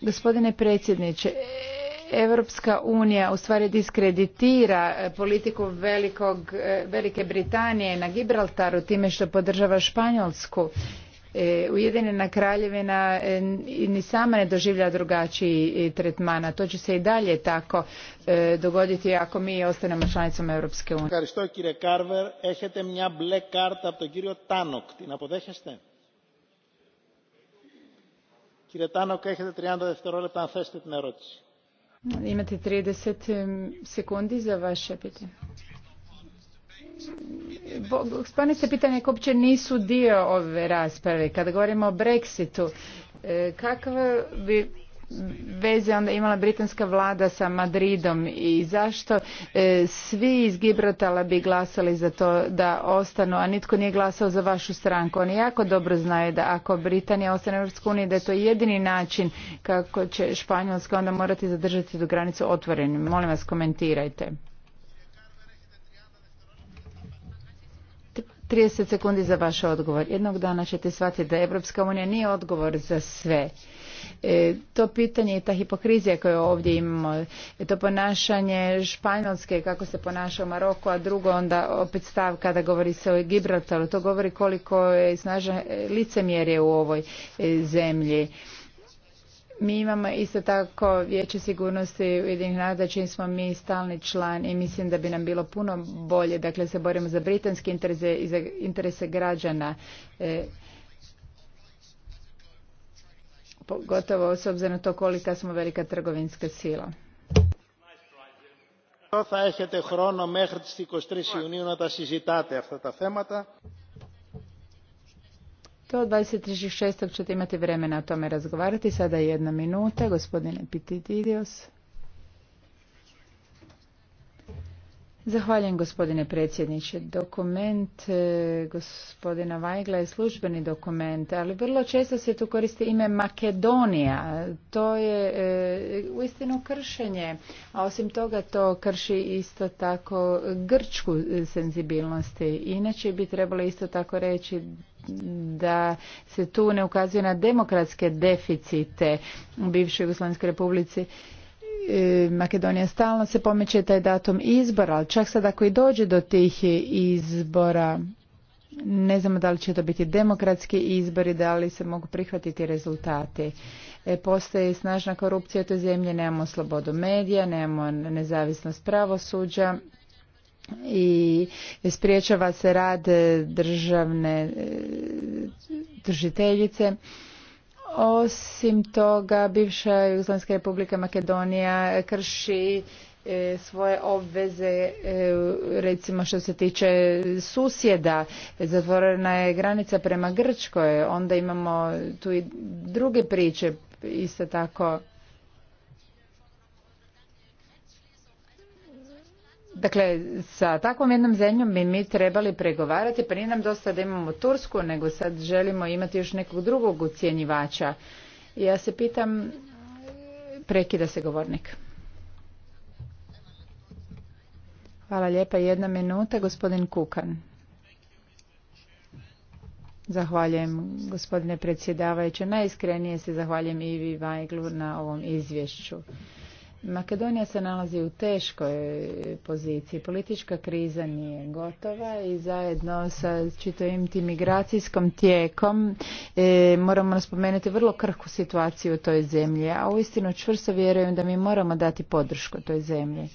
Gospodine predsjedniče, e, Evropska unija u stvari diskreditira politiku Velike Britanije na Gibraltaru time što podržava Španjolsku E, Ujedinjena kraljevina e, ni sama ne doživlja drugačiji e, tretmana. To će se i dalje tako dogoditi ako mi ostanemo članicom Europske unije. Ευχαριστώ κύριε Κάρβερ. Έχετε μια μπλε κάρτα από τον κύριο Τάνοκ. Την αποδέχεστε? Κύριε Τάνοκ, έχετε 30 δευτερόλεπτα αν θέσετε την ερώτηση. Imate 30 sekundi za vaše pitanje. Spani se pitanje koje uopće nisu dio ove rasprave. Kada govorimo o Brexitu, e, kakve bi veze onda imala britanska vlada sa Madridom i zašto e, svi iz Gibraltara bi glasali za to da ostanu, a nitko nije glasao za vašu stranku. Oni jako dobro znaju da ako Britanija ostane u EU da je to jedini način kako će Španjolska onda morati zadržati tu granicu otvorenim. Molim vas komentirajte. 30 sekundi za vaš odgovor. Jednog dana ćete shvatiti da Evropska unija nije odgovor za sve. E, to pitanje i ta hipokrizija koju ovdje imamo, je to ponašanje Španjolske, kako se ponaša u Maroku, a drugo onda opet stav kada govori se o Gibraltaru, to govori koliko je snažan e, licemjerje u ovoj e, zemlji mi imamo isto tako vijeće sigurnosti u naroda čim smo mi stalni član i mislim da bi nam bilo puno bolje, dakle se borimo za britanske interese i za interese građana. E, pogotovo s obzirom na to kolika smo velika trgovinska sila. Θα do 23.6. ćete imati vremena o tome razgovarati. Sada je jedna minuta, gospodine Pititidios. Zahvaljujem gospodine predsjedniče. Dokument e, gospodina Vajgla je službeni dokument, ali vrlo često se tu koristi ime Makedonija. To je e, uistinu kršenje, a osim toga to krši isto tako grčku senzibilnosti. Inače bi trebalo isto tako reći da se tu ne ukazuje na demokratske deficite u bivšoj Jugoslavijskoj republici. E, Makedonija stalno se pomeće taj datum izbora, ali čak sad ako i dođe do tih izbora, ne znamo da li će to biti demokratski izbori, da li se mogu prihvatiti rezultati. E, postoji snažna korupcija u toj zemlji, nemamo slobodu medija, nemamo nezavisnost pravosuđa, i spriječava se rad e, državne e, držiteljice. Osim toga, bivša Jugoslavijska republika Makedonija krši e, svoje obveze recimo što se tiče susjeda zatvorena je granica prema Grčkoj onda imamo tu i druge priče isto tako Dakle, sa takvom jednom zemljom bi mi trebali pregovarati, pa nije nam dosta da imamo Tursku, nego sad želimo imati još nekog drugog ucjenjivača. Ja se pitam, prekida se govornik. Hvala lijepa. Jedna minuta, gospodin Kukan. Zahvaljujem, gospodine predsjedavajuće. Najiskrenije se zahvaljujem Ivi Vajglu na ovom izvješću. Makedonija se nalazi u teškoj poziciji. Politička kriza nije gotova i zajedno sa čitavim tim migracijskom tijekom e, moramo spomenuti vrlo krhku situaciju u toj zemlji, a uistinu čvrsto vjerujem da mi moramo dati podršku toj zemlji.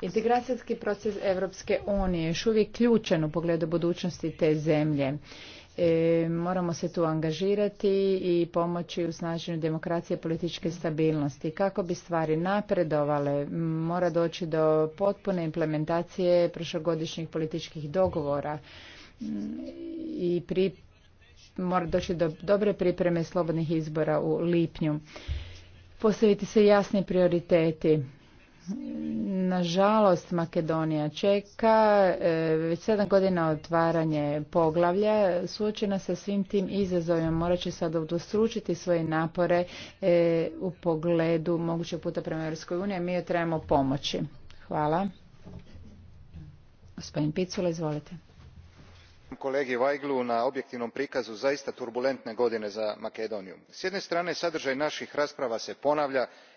Integracijski proces Europske unije još uvijek ključan u pogledu budućnosti te zemlje. E, moramo se tu angažirati i pomoći u snaženju demokracije i političke stabilnosti. Kako bi stvari napredovale, mora doći do potpune implementacije prošlogodišnjih političkih dogovora i mora doći do dobre pripreme slobodnih izbora u lipnju. Postaviti se jasni prioriteti Nažalost, Makedonija čeka e, već sedam godina otvaranje poglavlja, suočena sa svim tim izazovima, morat će sada udostručiti svoje napore e, u pogledu mogućeg puta prema Europskoj mi joj trebamo pomoći. Hvala. Gospodin Picula, izvolite. Kolegi Vajglu na objektivnom prikazu zaista turbulentne godine za Makedoniju. S jedne strane, sadržaj naših rasprava se ponavlja,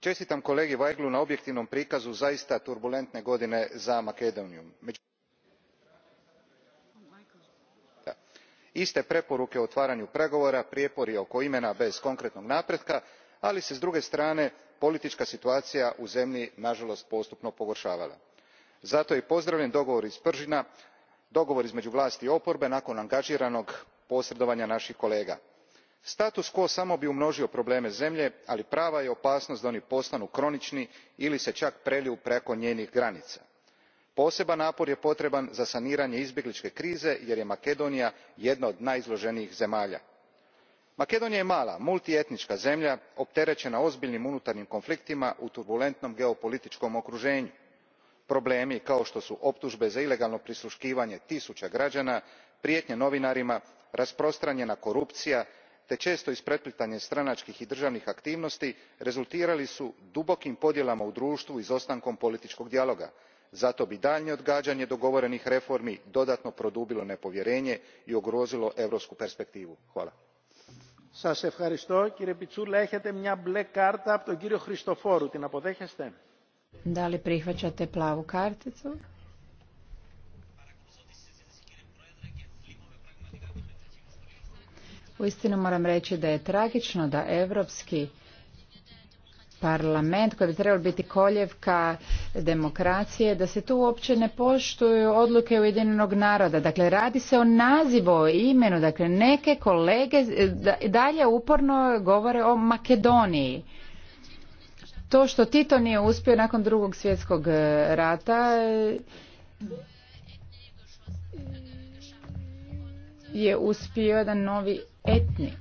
Čestitam kolegi vajglu na objektivnom prikazu zaista turbulentne godine za makedoniju. iste preporuke o otvaranju pregovora prijepori oko imena bez konkretnog napretka ali se s druge strane politička situacija u zemlji nažalost postupno pogoršavala. zato i pozdravljam dogovor iz Pržina, dogovor između vlasti i oporbe nakon angažiranog posredovanja naših kolega status quo samo bi umnožio probleme zemlje ali prava je opasnost da oni postanu kronični ili se čak preliju preko njenih granica. poseban napor je potreban za saniranje izbjegličke krize jer je makedonija jedna od najizloženijih zemalja. makedonija je mala multietnička zemlja opterećena ozbiljnim unutarnjim konfliktima u turbulentnom geopolitičkom okruženju. problemi kao što su optužbe za ilegalno prisluškivanje tisuća građana prijetnje novinarima rasprostranjena korupcija te esto ispreplitanje stranakih i državnih aktivnosti rezultirali su dubokim podjelama u drutvu izostankom političkog dijaloga. zato bi daljnje odgađanje dogovorenih reformi dodatno produbilo nepovjerenje i ugrozilo europsku perspektivu. hvala. da li plavu karticu? Uistinu moram reći da je tragično da Europski parlament koji bi trebao biti koljevka demokracije, da se tu uopće ne poštuju odluke Ujedinjenog naroda. Dakle, radi se o nazivu, o imenu. Dakle, neke kolege e, dalje uporno govore o Makedoniji. To što Tito nije uspio nakon drugog svjetskog rata e, je uspio jedan novi etni.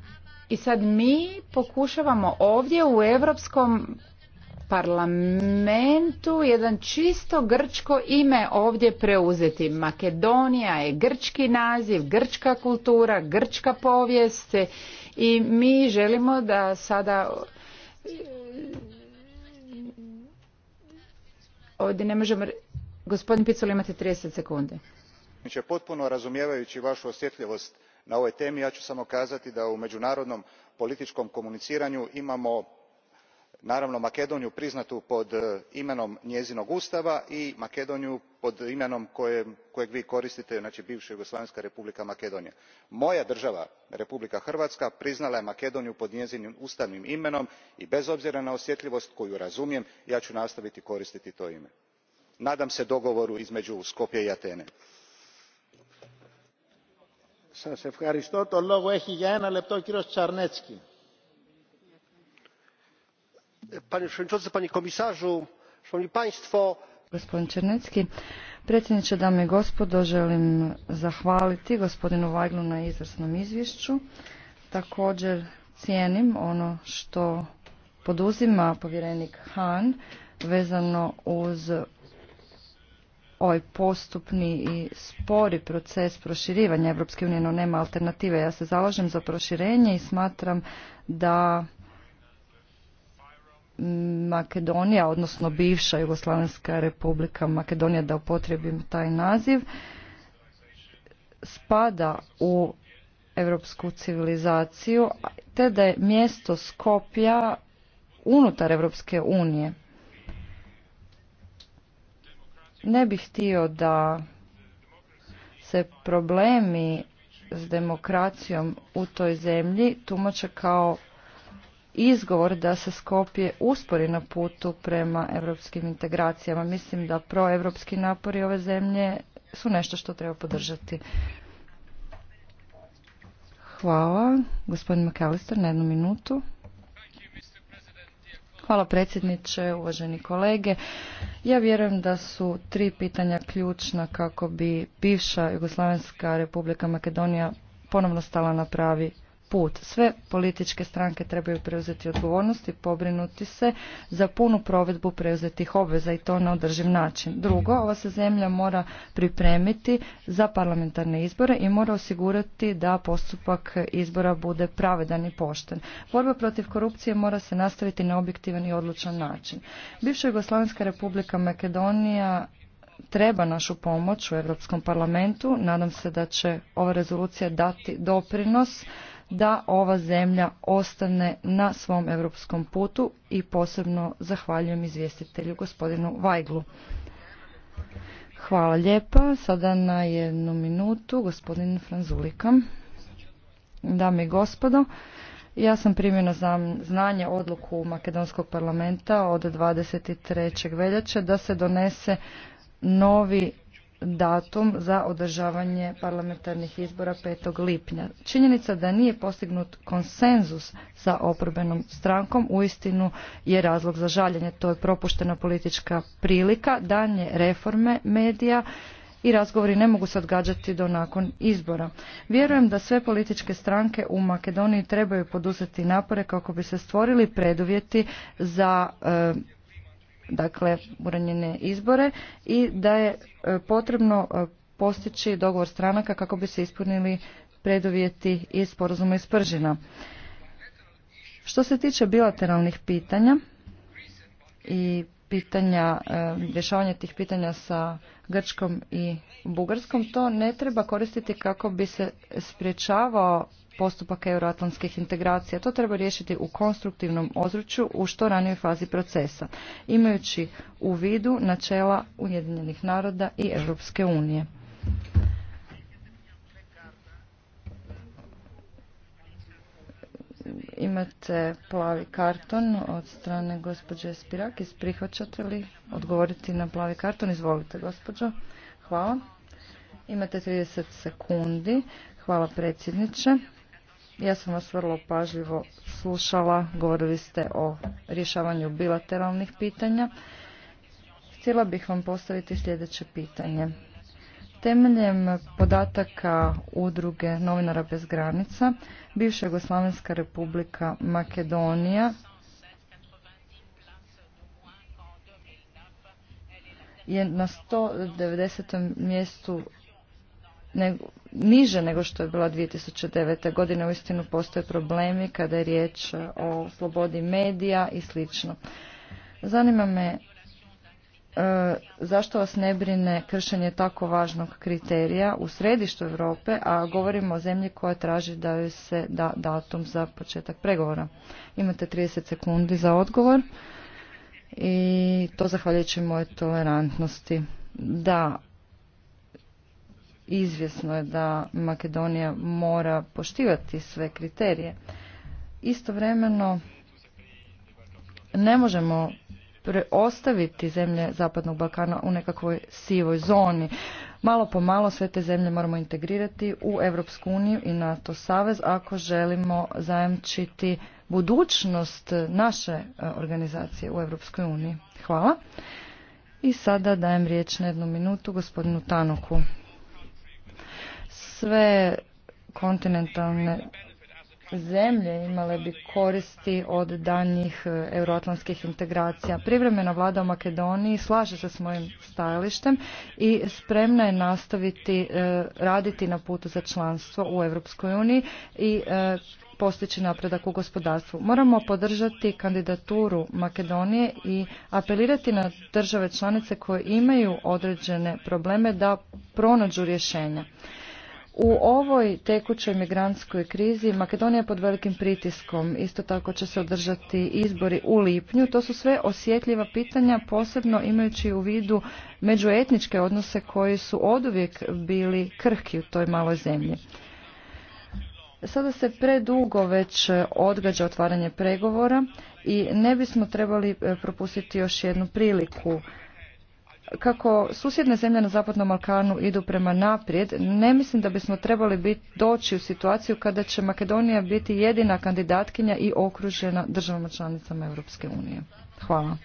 I sad mi pokušavamo ovdje u Europskom parlamentu jedan čisto grčko ime ovdje preuzeti. Makedonija je grčki naziv, grčka kultura, grčka povijest i mi želimo da sada e, ovdje ne možemo gospodin Picul imate 30 sekundi zastupnie potpuno razumijevajući vašu osjetljivost na ovoj temi ja ću samo kazati da u međunarodnom političkom komuniciranju imamo naravno makedoniju priznatu pod e, imenom njezinog ustava i makedoniju pod imenom kojeg vi koristite znači bivša jugoslavenska republika makedonija. moja država, republika hrvatska priznala je makedoniju pod njezinim ustavnim imenom i bez obzira na osjetljivost koju razumijem ja ću nastaviti koristiti to ime. nadam se dogovoru izmeu Skopje i atene. Σας ευχαριστώ. Το λόγο έχει για ένα λεπτό ο κύριος Gospodin Czernecki, predsjedniče dame i gospodo, želim zahvaliti gospodinu Vajglu na izvrsnom izvješću. Također cijenim ono što poduzima povjerenik Han vezano uz ovaj postupni i spori proces proširivanja Europske unije, no nema alternative. Ja se zalažem za proširenje i smatram da Makedonija, odnosno bivša Jugoslavenska republika Makedonija, da upotrebim taj naziv, spada u europsku civilizaciju, te da je mjesto Skopja unutar Evropske unije. Ne bih htio da se problemi s demokracijom u toj zemlji tumače kao izgovor da se Skopje uspori na putu prema europskim integracijama. Mislim da proevropski napori ove zemlje su nešto što treba podržati. Hvala. Gospodin McAllister, na jednu minutu. Hvala predsjedniče, uvaženi kolege. Ja vjerujem da su tri pitanja ključna kako bi bivša Jugoslavenska republika Makedonija ponovno stala na pravi put. Sve političke stranke trebaju preuzeti odgovornost i pobrinuti se za punu provedbu preuzetih obveza i to na održiv način. Drugo, ova se zemlja mora pripremiti za parlamentarne izbore i mora osigurati da postupak izbora bude pravedan i pošten. Borba protiv korupcije mora se nastaviti na objektivan i odlučan način. Bivša Jugoslavenska republika Makedonija treba našu pomoć u Europskom parlamentu. Nadam se da će ova rezolucija dati doprinos da ova zemlja ostane na svom europskom putu i posebno zahvaljujem izvjestitelju gospodinu Vajglu. Hvala lijepa. Sada na jednu minutu gospodin Franzulika. Dame i gospodo, ja sam primjena na znanje odluku Makedonskog parlamenta od 23. veljače da se donese novi datum za održavanje parlamentarnih izbora 5. lipnja. Činjenica da nije postignut konsenzus sa oporbenom strankom uistinu je razlog za žaljenje. To je propuštena politička prilika, danje reforme medija i razgovori ne mogu se odgađati do nakon izbora. Vjerujem da sve političke stranke u Makedoniji trebaju poduzeti napore kako bi se stvorili preduvjeti za e, dakle uranjene izbore i da je e, potrebno e, postići dogovor stranaka kako bi se ispunili preduvjeti i sporazuma iz Pržina. Što se tiče bilateralnih pitanja i pitanja, e, rješavanja tih pitanja sa Grčkom i Bugarskom, to ne treba koristiti kako bi se spriječavao postupaka euroatlantskih integracija. To treba riješiti u konstruktivnom ozručju u što ranijoj fazi procesa, imajući u vidu načela Ujedinjenih naroda i Europske unije. Imate plavi karton od strane gospođe Spirakis. Prihvaćate li odgovoriti na plavi karton? Izvolite, gospođo. Hvala. Imate 30 sekundi. Hvala predsjedniče. Ja sam vas vrlo pažljivo slušala, govorili ste o rješavanju bilateralnih pitanja. Htjela bih vam postaviti sljedeće pitanje. Temeljem podataka udruge Novinara bez granica, bivša Jugoslavenska republika Makedonija je na 190. mjestu nego, niže nego što je bila 2009. godine. Uistinu postoje problemi kada je riječ o slobodi medija i slično. Zanima me e, zašto vas ne brine kršenje tako važnog kriterija u središtu Europe, a govorimo o zemlji koja traži da joj se da datum za početak pregovora. Imate 30 sekundi za odgovor i to zahvaljujući moje tolerantnosti. Da, Izvjesno je da Makedonija mora poštivati sve kriterije. Istovremeno ne možemo preostaviti zemlje Zapadnog Balkana u nekakvoj sivoj zoni. Malo po malo sve te zemlje moramo integrirati u Europsku uniju i NATO savez ako želimo zajamčiti budućnost naše e, organizacije u Europskoj uniji. Hvala. I sada dajem riječ na jednu minutu gospodinu tanoku sve kontinentalne zemlje imale bi koristi od danjih e, euroatlantskih integracija. Privremena vlada u Makedoniji slaže se s mojim stajalištem i spremna je nastaviti e, raditi na putu za članstvo u Europskoj uniji i e, postići napredak u gospodarstvu. Moramo podržati kandidaturu Makedonije i apelirati na države članice koje imaju određene probleme da pronađu rješenja. U ovoj tekućoj migrantskoj krizi Makedonija je pod velikim pritiskom. Isto tako će se održati izbori u lipnju. To su sve osjetljiva pitanja, posebno imajući u vidu međuetničke odnose koji su oduvijek bili krhki u toj maloj zemlji. Sada se predugo već odgađa otvaranje pregovora i ne bismo trebali e, propustiti još jednu priliku kako susjedne zemlje na Zapadnom Balkanu idu prema naprijed, ne mislim da bismo trebali biti, doći u situaciju kada će Makedonija biti jedina kandidatkinja i okružena državama članicama Europske unije. Hvala.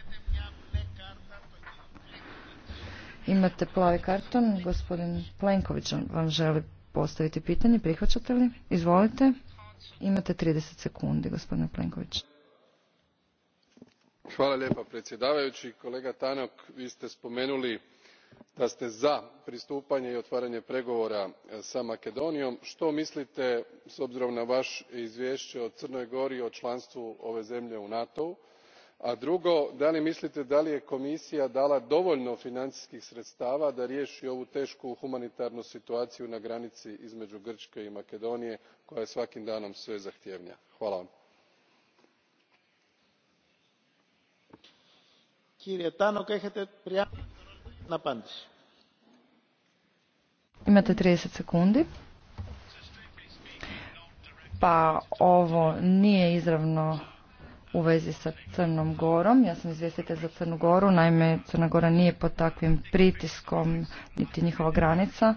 Imate plavi karton, gospodin Plenković vam želi postaviti pitanje, prihvaćate li? Izvolite. Imate 30 sekundi, gospodine Plenković gospodine predsjedavajući kolega tannock vi ste spomenuli da ste za pristupanje i otvaranje pregovora e, s makedonijom. što mislite s obzirom na vaše izvješće o crnoj gori o članstvu ove zemlje u nato u? a drugo da li mislite da li je komisija dala dovoljno financijskih sredstava da riješi ovu tešku humanitarnu situaciju na granici između grčke i makedonije koja je svakim danom sve zahtjevnija? hvala vam. Imate 30 sekundi. Pa ovo nije izravno u vezi sa Crnom Gorom. Ja sam izvjestitelj za Crnu Goru, naime Crna Gora nije pod takvim pritiskom niti njihova granica.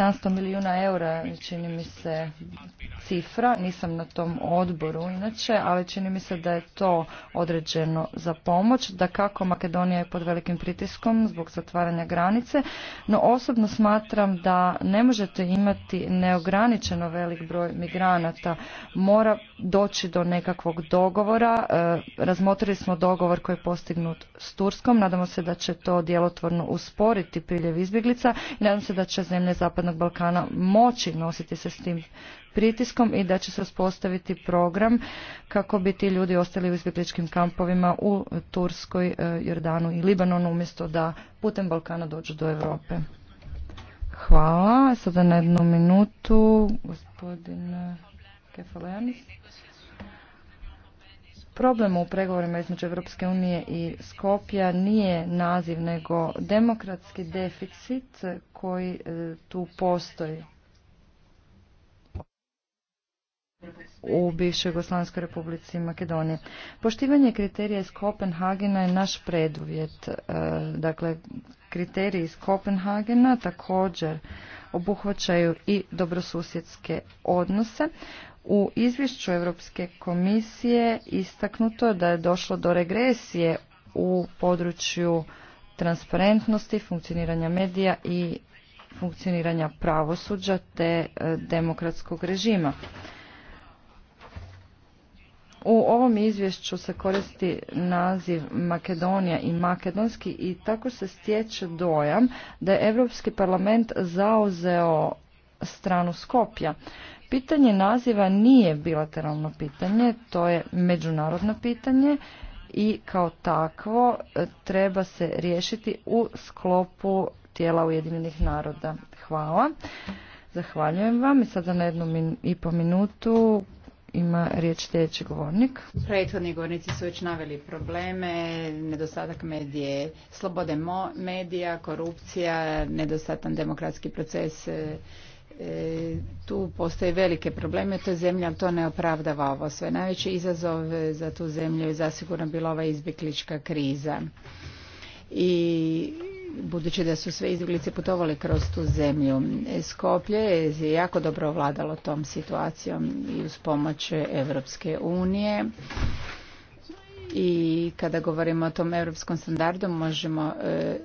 700 milijuna eura čini mi se cifra, nisam na tom odboru inače, ali čini mi se da je to određeno za pomoć, da kako Makedonija je pod velikim pritiskom zbog zatvaranja granice, no osobno smatram da ne možete imati neograničeno velik broj migranata, mora doći do nekakvog dogovora, e, razmotrili smo dogovor koji je postignut s Turskom, nadamo se da će to djelotvorno usporiti priljev izbjeglica i nadam se da će zemlje zapadnog Zapadnog Balkana moći nositi se s tim pritiskom i da će se uspostaviti program kako bi ti ljudi ostali u izbjegličkim kampovima u Turskoj, e, Jordanu i Libanonu umjesto da putem Balkana dođu do Europe. Hvala. Sada na jednu minutu gospodin Kefalejanis. Problem u pregovorima između Europske unije i Skopja nije naziv, nego demokratski deficit koji e, tu postoji u bivšoj Jugoslavijskoj republici Makedonije. Poštivanje kriterija iz Kopenhagena je naš preduvjet. E, dakle, kriteriji iz Kopenhagena također obuhvaćaju i dobrosusjedske odnose. U izvješću Europske komisije istaknuto je da je došlo do regresije u području transparentnosti, funkcioniranja medija i funkcioniranja pravosuđa te e, demokratskog režima. U ovom izvješću se koristi naziv Makedonija i makedonski i tako se stječe dojam da je Europski parlament zauzeo stranu Skopja. Pitanje naziva nije bilateralno pitanje, to je međunarodno pitanje i kao takvo e, treba se riješiti u sklopu tijela Ujedinjenih naroda. Hvala. Zahvaljujem vam i sada na jednu i po minutu ima riječ sljedeći govornik. Prethodni govornici su već naveli probleme, nedostatak medije, slobode medija, korupcija, nedostatan demokratski proces, e, E, tu postoje velike probleme, to je zemlja to ne opravdava ovo sve. Najveći izazov za tu zemlju je zasigurno bila ova izbjeglička kriza. I budući da su sve izbjeglice putovali kroz tu zemlju. E, Skoplje je jako dobro ovladalo tom situacijom i uz pomoć Evropske unije. I kada govorimo o tom europskom standardu možemo e,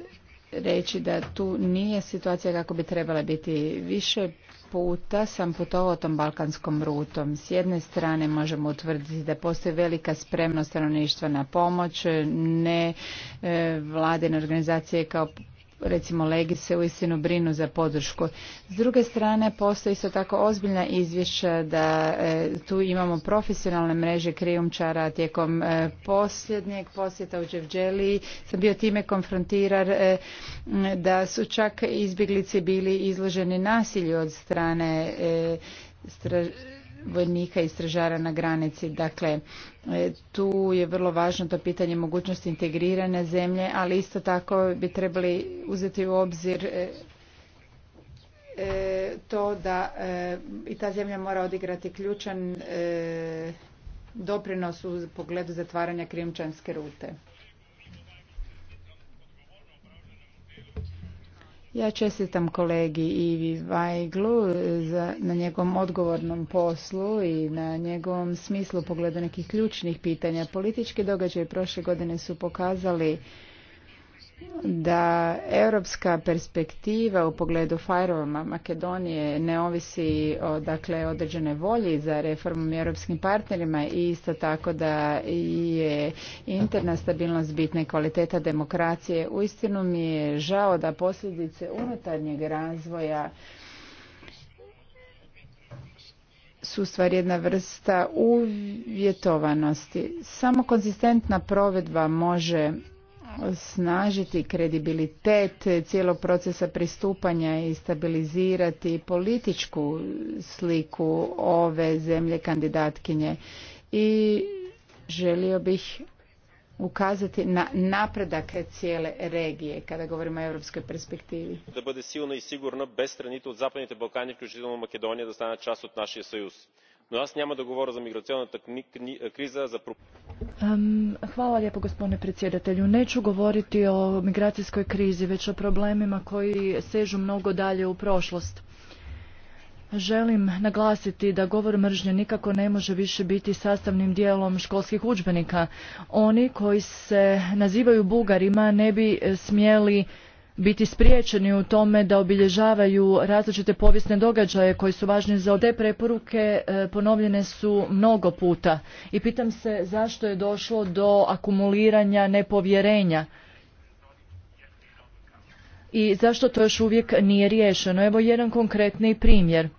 reći da tu nije situacija kako bi trebala biti više puta sam putovao tom balkanskom rutom. S jedne strane možemo utvrditi da postoji velika spremnost stanovništva na pomoć, ne e, vladine organizacije kao recimo Legi se uistinu brinu za podršku. S druge strane, postoji isto tako ozbiljna izvješća da e, tu imamo profesionalne mreže krijumčara tijekom e, posljednjeg posjeta u Dževđeliji. Sam bio time konfrontiran e, da su čak izbjeglice bili izloženi nasilju od strane straž vojnika i stražara na granici. Dakle, e, tu je vrlo važno to pitanje mogućnosti integrirane zemlje, ali isto tako bi trebali uzeti u obzir e, e, to da i ta zemlja mora odigrati ključan doprinos u pogledu zatvaranja krimčanske rute. Ja čestitam kolegi Ivi Vajglu za, na njegovom odgovornom poslu i na njegovom smislu pogledu nekih ključnih pitanja. Politički događaj prošle godine su pokazali da europska perspektiva u pogledu fajrovama Makedonije ne ovisi o dakle, određene volji za reformom europskim partnerima i isto tako da je interna stabilnost bitna i kvaliteta demokracije. Uistinu mi je žao da posljedice unutarnjeg razvoja su stvar jedna vrsta uvjetovanosti. Samo konzistentna provedba može osnažiti kredibilitet cijelog procesa pristupanja i stabilizirati političku sliku ove zemlje kandidatkinje i želio bih ukazati na napredak cijele regije kada govorimo o europskoj perspektivi. Da bude silna i sigurna bez страните od Западните Балкани, u Makedonija, da stane čast od naših hvala lijepo gospodine predsjedatelju. Neću govoriti o migracijskoj krizi, već o problemima koji sežu mnogo dalje u prošlost. Želim naglasiti da govor mržnje nikako ne može više biti sastavnim dijelom školskih udžbenika. Oni koji se nazivaju bugarima ne bi smjeli biti spriječeni u tome da obilježavaju različite povijesne događaje koji su važni za te preporuke e, ponovljene su mnogo puta i pitam se zašto je došlo do akumuliranja nepovjerenja i zašto to još uvijek nije riješeno. Evo jedan konkretni primjer.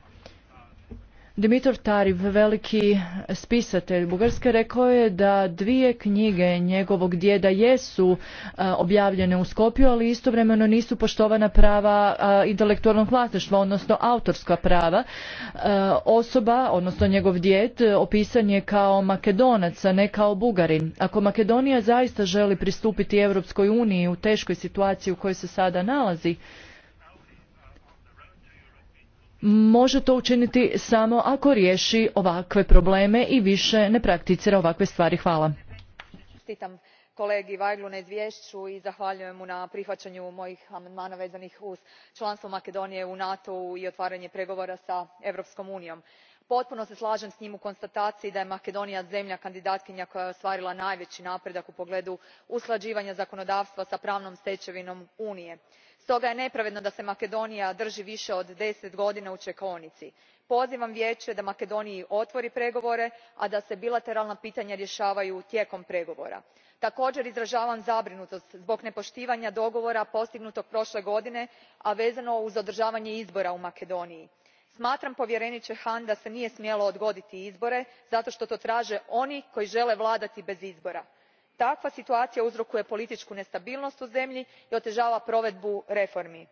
Dimitrov Tariv, veliki spisatelj Bugarske, rekao je da dvije knjige njegovog djeda jesu e, objavljene u Skopju, ali istovremeno nisu poštovana prava intelektualnog vlasništva, odnosno autorska prava. E, osoba, odnosno njegov djed, opisan je kao makedonac, a ne kao bugarin. Ako Makedonija zaista želi pristupiti Europskoj uniji u teškoj situaciji u kojoj se sada nalazi, može to učiniti samo ako riješi ovakve probleme i više ne prakticira ovakve stvari. Hvala. Čestitam kolegi Vajglu na izvješću i zahvaljujem mu na prihvaćanju mojih amandmana vezanih uz članstvo Makedonije u NATO-u i otvaranje pregovora sa Europskom unijom potpuno se slažem s njim u konstataciji da je makedonija zemlja kandidatkinja koja je ostvarila najveći napredak u pogledu usklađivanja zakonodavstva s pravnom stečevinom unije. stoga je nepravedno da se makedonija drži više od deset godina u čekaonici. pozivam vijeće da makedoniji otvori pregovore a da se bilateralna pitanja rješavaju tijekom pregovora. također izražavam zabrinutost zbog nepoštivanja dogovora postignutog prošle godine a vezano uz održavanje izbora u makedoniji smatram povjerenie hahn da se nije smjelo odgoditi izbore zato što to traže oni koji žele vladati bez izbora. takva situacija uzrokuje političku nestabilnost u zemlji i otežava provedbu reformi.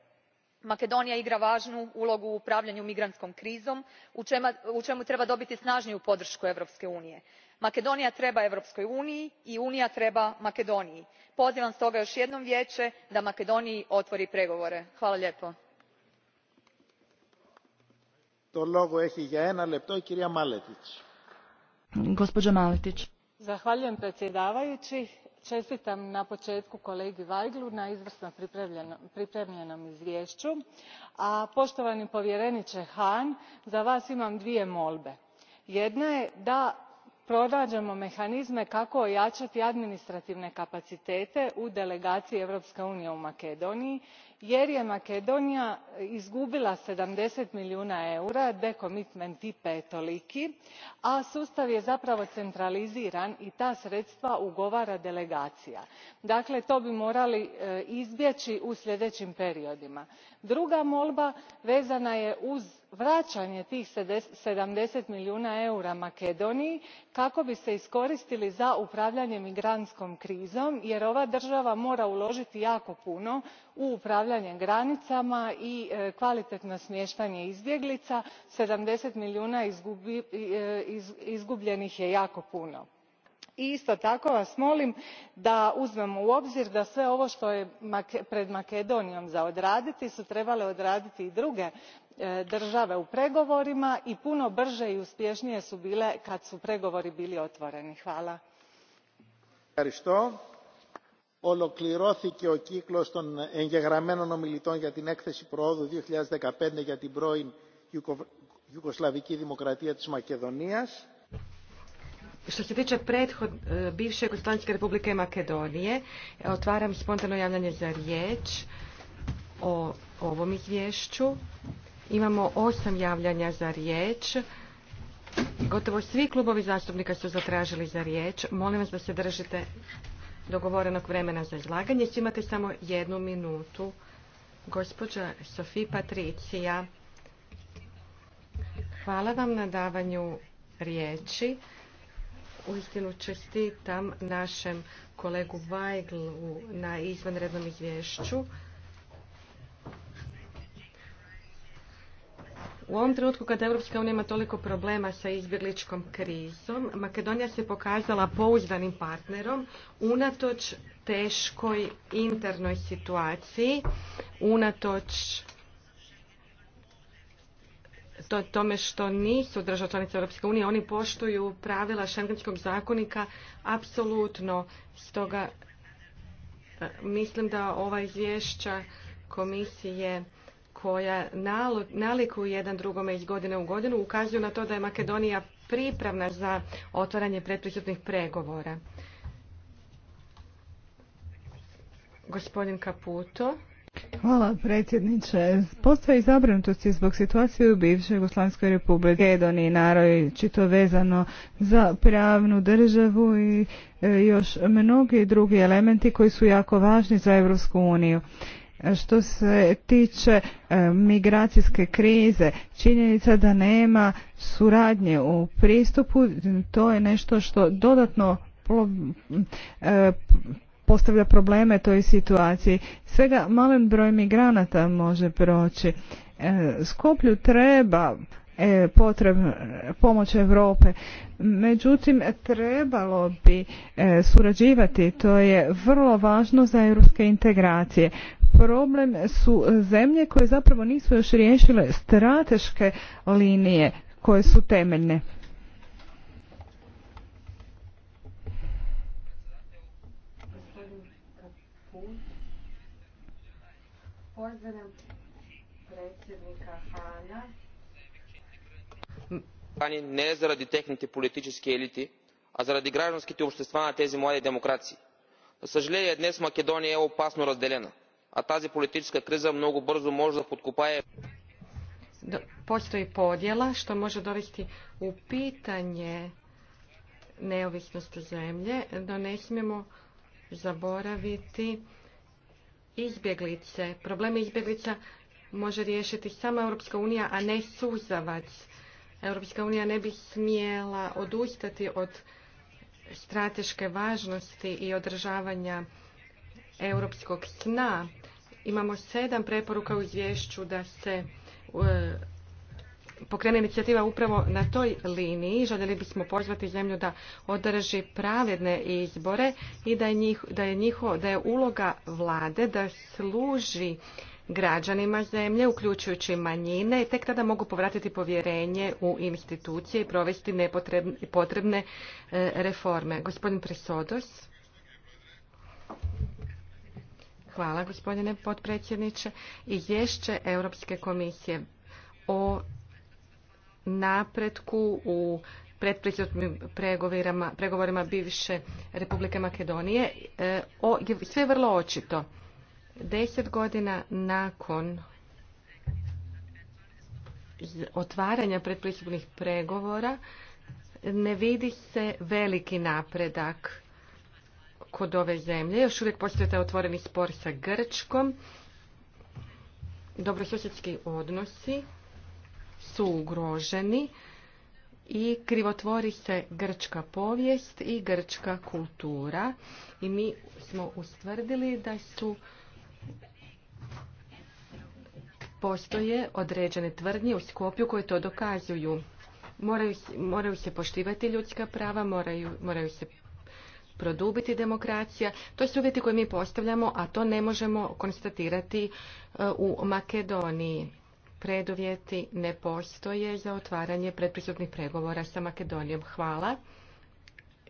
makedonija igra važnu ulogu u upravljanju migrantskom krizom u čemu treba dobiti snažniju podršku europske unije. makedonija treba europskoj uniji i unija treba makedoniji. pozivam stoga još jednom vijeće da makedoniji otvori pregovore. hvala lijepo. To je Maletić. Maletić. Zahvaljujem predsjedavajući. Čestitam na početku kolegi Vajglu na izvrsno pripremljenom izvješću. A poštovani povjereniče Hahn, za vas imam dvije molbe. Jedna je da pronađemo mehanizme kako ojačati administrativne kapacitete u delegaciji europske unije u makedoniji jer je makedonija izgubila seventy milijuna eura decommitment ipa je toliki a sustav je zapravo centraliziran i ta sredstva ugovara delegacija. dakle to bi morali e, izbjei u sljedeim periodima druga molba vezana je uz vraćanje tih sedamdeset milijuna eura makedoniji kako bi se iskoristili za upravljanje migrantskom krizom jer ova država mora uložiti jako puno u upravljanje granicama i e, kvalitetno smještanje izbjeglica sedamdeset milijuna e, izgubljenih je jako puno i isto tako vas molim da uzmemo u obzir da sve ovo što je pred makedonijom za odraditi su trebale odraditi i druge e, države u pregovorima i puno brže i uspješnije su bile kad su pregovori bili otvoreni. hvala. ολοκληρώθηκε ο κύκλος των εγγεγραμμένων ομιλητών για την ekthesi proodu 2015 για tin što se tiče prethod e, bivše Jugoslavijske republike Makedonije, otvaram spontano javljanje za riječ o ovom izvješću. Imamo osam javljanja za riječ. Gotovo svi klubovi zastupnika su zatražili za riječ. Molim vas da se držite dogovorenog vremena za izlaganje. Imate samo jednu minutu. Gospođa Sofija Patricija, hvala vam na davanju riječi uistinu čestitam našem kolegu Vajglu na izvanrednom izvješću. U ovom trenutku kada Europska ima toliko problema sa izbjegličkom krizom, Makedonija se pokazala pouzdanim partnerom unatoč teškoj internoj situaciji, unatoč to tome što nisu država članice Europske unije, oni poštuju pravila šengenskog zakonika apsolutno. Stoga e, mislim da ova izvješća komisije koja naliku jedan drugome iz godine u godinu ukazuju na to da je Makedonija pripravna za otvaranje pretpristupnih pregovora. Gospodin Kaputo. Hvala predsjedniče. Postoji zabrinutosti zbog situacije u bivšoj Jugoslavijskoj republike Makedoniji, čito vezano za pravnu državu i e, još mnogi drugi elementi koji su jako važni za Europsku uniju. Što se tiče e, migracijske krize, činjenica da nema suradnje u pristupu, to je nešto što dodatno e, postavlja probleme toj situaciji. Svega malen broj migranata može proći. E, Skoplju treba e, potreb pomoć Europe. Međutim, trebalo bi e, surađivati, to je vrlo važno za europske integracije. Problem su zemlje koje zapravo nisu još riješile strateške linije koje su temeljne. pozdravim predsjednika ne zaradi tehniti političke elite, a zaradi građanske obštevstva na tezi mlade demokracije. Za sažalje, dnes Makedonija je opasno razdeljena, a tazi politička kriza mnogo brzo može da podkupaje... Postoji podjela što može dovesti u pitanje neovisnosti zemlje, da ne smijemo zaboraviti izbjeglice, Problem izbjeglica može riješiti sama Europska unija, a ne suzavac. Europska unija ne bi smjela odustati od strateške važnosti i održavanja europskog sna. Imamo sedam preporuka u izvješću da se e, pokrene inicijativa upravo na toj liniji. Željeli bismo pozvati zemlju da održi pravedne izbore i da je, da je, njiho, da je uloga vlade da služi građanima zemlje, uključujući manjine, i tek tada mogu povratiti povjerenje u institucije i provesti nepotrebne potrebne e, reforme. Gospodin Presodos. Hvala, gospodine potpredsjedniče. Izvješće Europske komisije o napretku u pretpristupnim pregovorima, bivše Republike Makedonije. E, sve je vrlo očito. Deset godina nakon otvaranja pretpristupnih pregovora ne vidi se veliki napredak kod ove zemlje. Još uvijek postoje taj otvoreni spor sa Grčkom, dobrosusjedski odnosi su ugroženi i krivotvori se grčka povijest i grčka kultura i mi smo ustvrdili da su postoje određene tvrdnje u Skopju koje to dokazuju. Moraju, moraju se poštivati ljudska prava, moraju, moraju se produbiti demokracija. To su uvjeti koje mi postavljamo, a to ne možemo konstatirati e, u Makedoniji preduvjeti ne postoje za otvaranje predpristupnih pregovora sa Makedonijom. Hvala.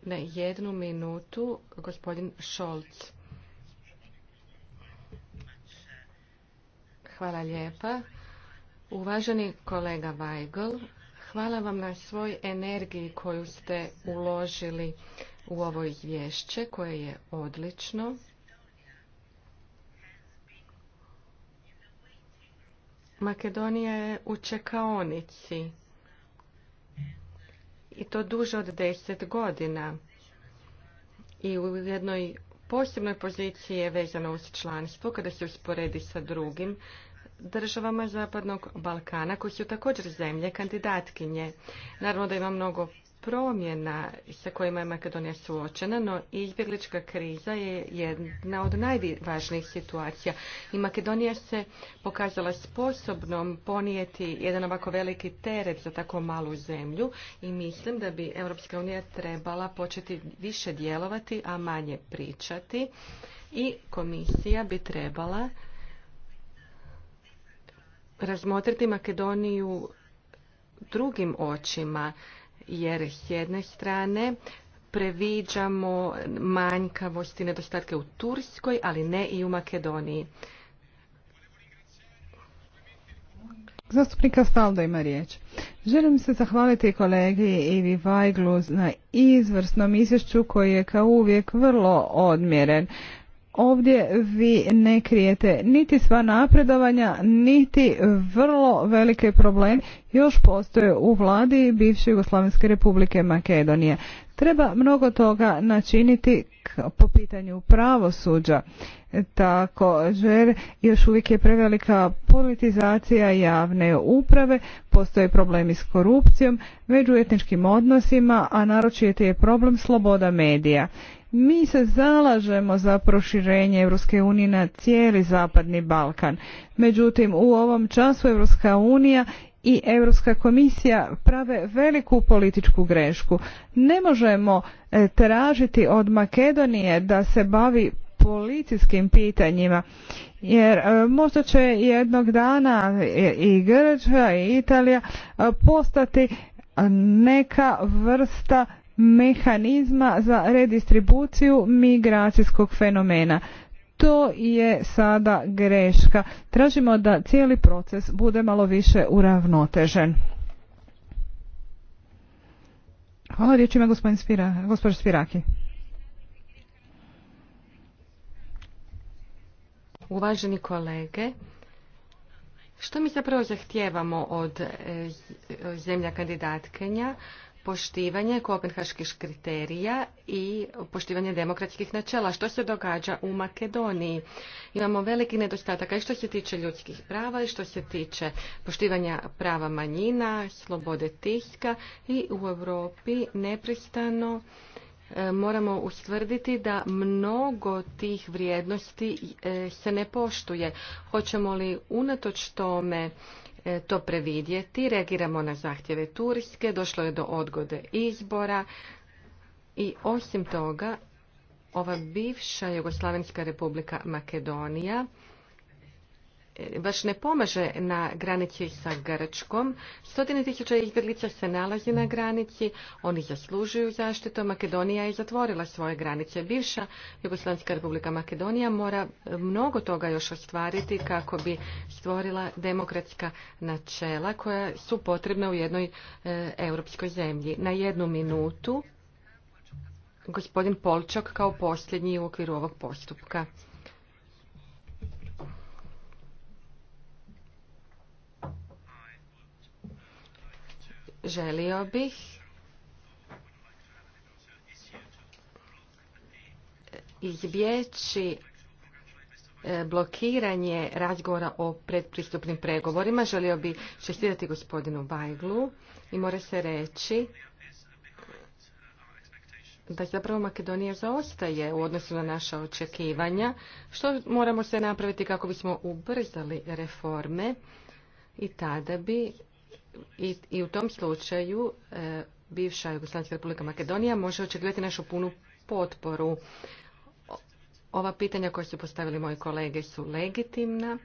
Na jednu minutu, gospodin Šolc. Hvala lijepa. Uvaženi kolega Weigl, hvala vam na svoj energiji koju ste uložili u ovo izvješće koje je odlično. Makedonija je u čekaonici i to duže od deset godina i u jednoj posebnoj poziciji je vezano uz članstvo kada se usporedi sa drugim državama Zapadnog Balkana koji su također zemlje kandidatkinje. Naravno da ima mnogo promjena sa kojima je Makedonija suočena, no izbjeglička kriza je jedna od najvažnijih situacija. I Makedonija se pokazala sposobnom ponijeti jedan ovako veliki teret za tako malu zemlju i mislim da bi Europska unija trebala početi više djelovati, a manje pričati. I komisija bi trebala razmotriti Makedoniju drugim očima jer s jedne strane previđamo manjkavosti i nedostatke u Turskoj, ali ne i u Makedoniji. Zastupnika Staldo ima riječ. Želim se zahvaliti kolegi Ivi Vajglu na izvrsnom izvješću koji je kao uvijek vrlo odmjeren. Ovdje vi ne krijete niti sva napredovanja, niti vrlo velike probleme još postoje u vladi bivše Jugoslavenske republike Makedonije. Treba mnogo toga načiniti po pitanju pravosuđa. Također, još uvijek je prevelika politizacija javne uprave, postoje problemi s korupcijom, etničkim odnosima, a naročito je problem sloboda medija. Mi se zalažemo za proširenje Europske unije na cijeli Zapadni Balkan. Međutim, u ovom času Europska unija i Europska komisija prave veliku političku grešku. Ne možemo e, tražiti od Makedonije da se bavi policijskim pitanjima jer e, možda će jednog dana i Grčka i Italija e, postati neka vrsta mehanizma za redistribuciju migracijskog fenomena. To je sada greška. Tražimo da cijeli proces bude malo više uravnotežen. Hvala riječ ima gospodin Spira, Spiraki. Uvaženi kolege, što mi zapravo zahtijevamo od eh, zemlja kandidatkenja poštivanje kopenhaških kriterija i poštivanje demokratskih načela. Što se događa u Makedoniji? Imamo veliki nedostatak i što se tiče ljudskih prava i što se tiče poštivanja prava manjina, slobode tiska i u Europi neprestano e, moramo ustvrditi da mnogo tih vrijednosti e, se ne poštuje. Hoćemo li unatoč tome E, to previdjeti. Reagiramo na zahtjeve Turske, došlo je do odgode izbora i osim toga ova bivša Jugoslavenska republika Makedonija baš ne pomaže na granici sa Grčkom. Stotine tisuća izbjeglica se nalazi na granici, oni zaslužuju zaštitu. Makedonija je zatvorila svoje granice. Bivša Jugoslavska republika Makedonija mora mnogo toga još ostvariti kako bi stvorila demokratska načela koja su potrebna u jednoj e, europskoj zemlji. Na jednu minutu gospodin Polčak kao posljednji u okviru ovog postupka. želio bih izbjeći e, blokiranje razgovora o predpristupnim pregovorima. Želio bih čestitati gospodinu Bajglu i mora se reći da zapravo Makedonija zaostaje u odnosu na naša očekivanja. Što moramo se napraviti kako bismo ubrzali reforme i tada bi i, u tom slučaju e, bivša Jugoslavijska republika Makedonija može očekivati našu punu potporu. Ova pitanja koja su postavili moji kolege su legitimna.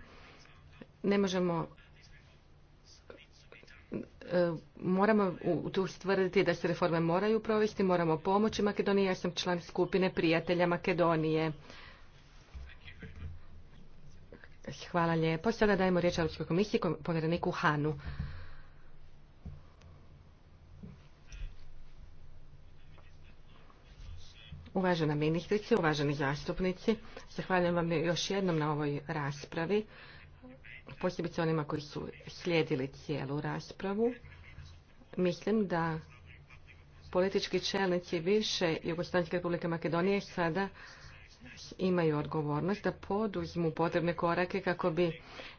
Ne možemo e, moramo tu stvrditi da se reforme moraju provesti, moramo pomoći Makedoniji. Ja sam član skupine prijatelja Makedonije. Hvala lijepo. Sada dajemo riječ Europskoj komisiji povjereniku Hanu. Uvažena ministrice, uvaženi zastupnici, zahvaljujem vam još jednom na ovoj raspravi, posebice onima koji su slijedili cijelu raspravu. Mislim da politički čelnici više Jugoslavenske republike Makedonije sada imaju odgovornost da poduzmu potrebne korake kako bi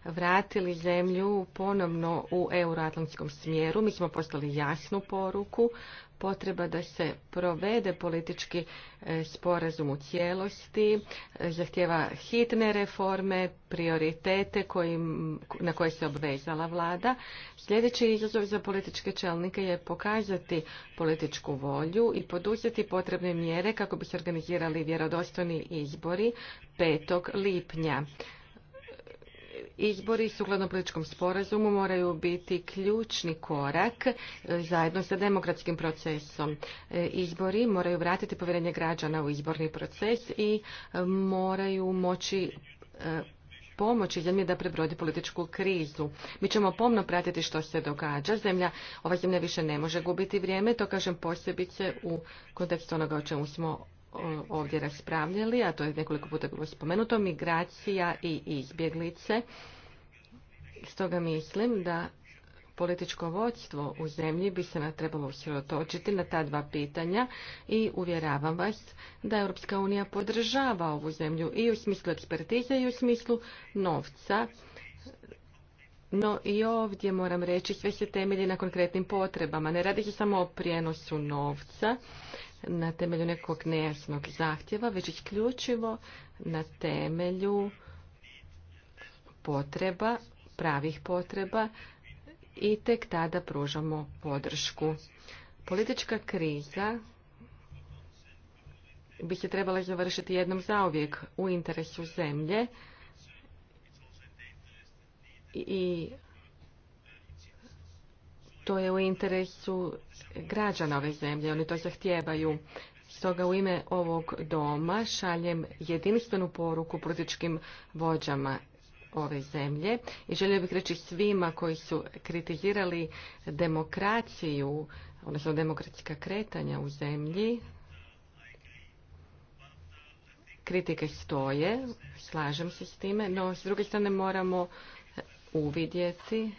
vratili zemlju ponovno u euroatlantskom smjeru. Mi smo poslali jasnu poruku, potreba da se provede politički e, sporazum u cijelosti, e, zahtjeva hitne reforme, prioritete kojim, na koje se obvezala vlada. Sljedeći izazov za političke čelnike je pokazati političku volju i poduzeti potrebne mjere kako bi se organizirali vjerodostojni izbori 5. lipnja izbori sukladno političkom sporazumu moraju biti ključni korak e, zajedno sa demokratskim procesom. E, izbori moraju vratiti povjerenje građana u izborni proces i e, moraju moći pomoći zemlji da prebrodi političku krizu. Mi ćemo pomno pratiti što se događa. Zemlja, ova zemlja više ne može gubiti vrijeme, to kažem posebice u kontekstu onoga o čemu smo ovdje raspravljali, a to je nekoliko puta bilo spomenuto, migracija i izbjeglice. Stoga mislim da političko vodstvo u zemlji bi se trebalo usredotočiti na ta dva pitanja i uvjeravam vas da Europska unija podržava ovu zemlju i u smislu ekspertize i u smislu novca no i ovdje moram reći sve se temelji na konkretnim potrebama. Ne radi se samo o prijenosu novca na temelju nekog nejasnog zahtjeva, već isključivo na temelju potreba, pravih potreba i tek tada pružamo podršku. Politička kriza bi se trebala završiti jednom zauvijek u interesu zemlje i to je u interesu građana ove zemlje, oni to zahtijevaju. Stoga u ime ovog doma šaljem jedinstvenu poruku političkim vođama ove zemlje i želio bih reći svima koji su kritizirali demokraciju, odnosno demokratska kretanja u zemlji, kritike stoje, slažem se s time, no s druge strane moramo uvidjeti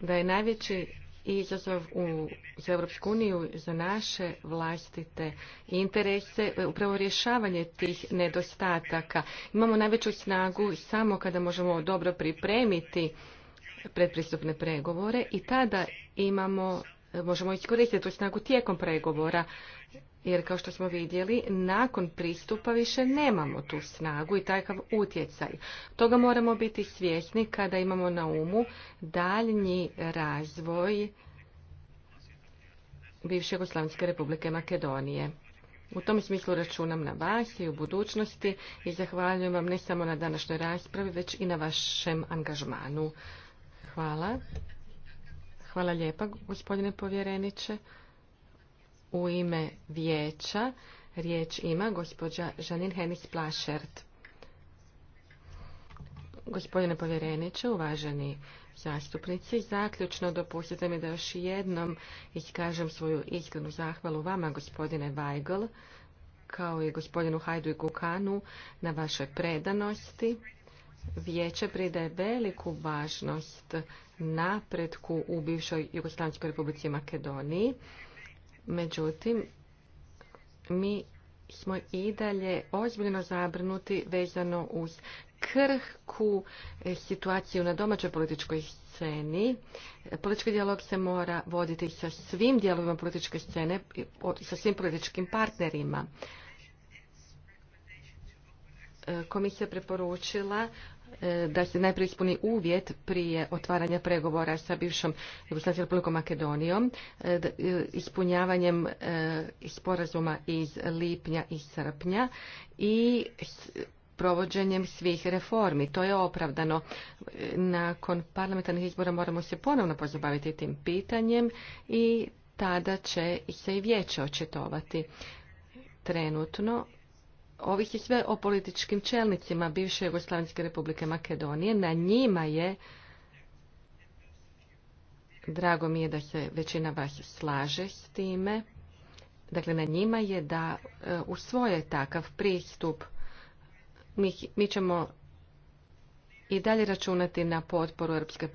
da je najveći izazov u, za Europsku uniju, za naše vlastite interese, upravo rješavanje tih nedostataka. Imamo najveću snagu samo kada možemo dobro pripremiti predpristupne pregovore i tada imamo, možemo iskoristiti tu snagu tijekom pregovora jer kao što smo vidjeli, nakon pristupa više nemamo tu snagu i takav utjecaj. Toga moramo biti svjesni kada imamo na umu daljnji razvoj bivše Jugoslavijske republike Makedonije. U tom smislu računam na vas i u budućnosti i zahvaljujem vam ne samo na današnjoj raspravi, već i na vašem angažmanu. Hvala. Hvala lijepa, gospodine povjereniče. U ime vijeća riječ ima gospođa Žanin Henis Plašert. Gospodine povjereniče, uvaženi zastupnici, zaključno dopustite mi da još jednom iskažem svoju iskrenu zahvalu vama, gospodine Weigl, kao i gospodinu Hajdu i Kukanu na vašoj predanosti. Vijeće pridaje veliku važnost napretku u bivšoj Jugoslavijskoj republici Makedoniji. Međutim, mi smo i dalje ozbiljno zabrnuti vezano uz krhku situaciju na domaćoj političkoj sceni. Politički dijalog se mora voditi sa svim dijelovima političke scene, sa svim političkim partnerima. E, komisija preporučila E, da se najprije ispuni uvjet prije otvaranja pregovora sa bivšom Jugoslavijskom republikom Makedonijom, e, e, ispunjavanjem sporazuma iz lipnja i srpnja i provođenjem svih reformi. To je opravdano. Nakon parlamentarnih izbora moramo se ponovno pozabaviti tim pitanjem i tada će se i vijeće očitovati. Trenutno Ovih je sve o političkim čelnicima bivše Jugoslavijske republike Makedonije. Na njima je, drago mi je da se većina vas slaže s time, dakle na njima je da e, u svoje takav pristup. Mi, mi ćemo i dalje računati na potporu Europskog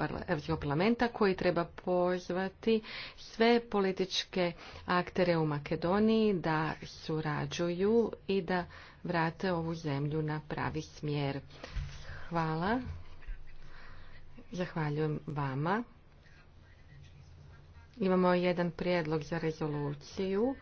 parlamenta koji treba pozvati sve političke aktere u Makedoniji da surađuju i da vrate ovu zemlju na pravi smjer. Hvala. Zahvaljujem vama. Imamo jedan prijedlog za rezoluciju.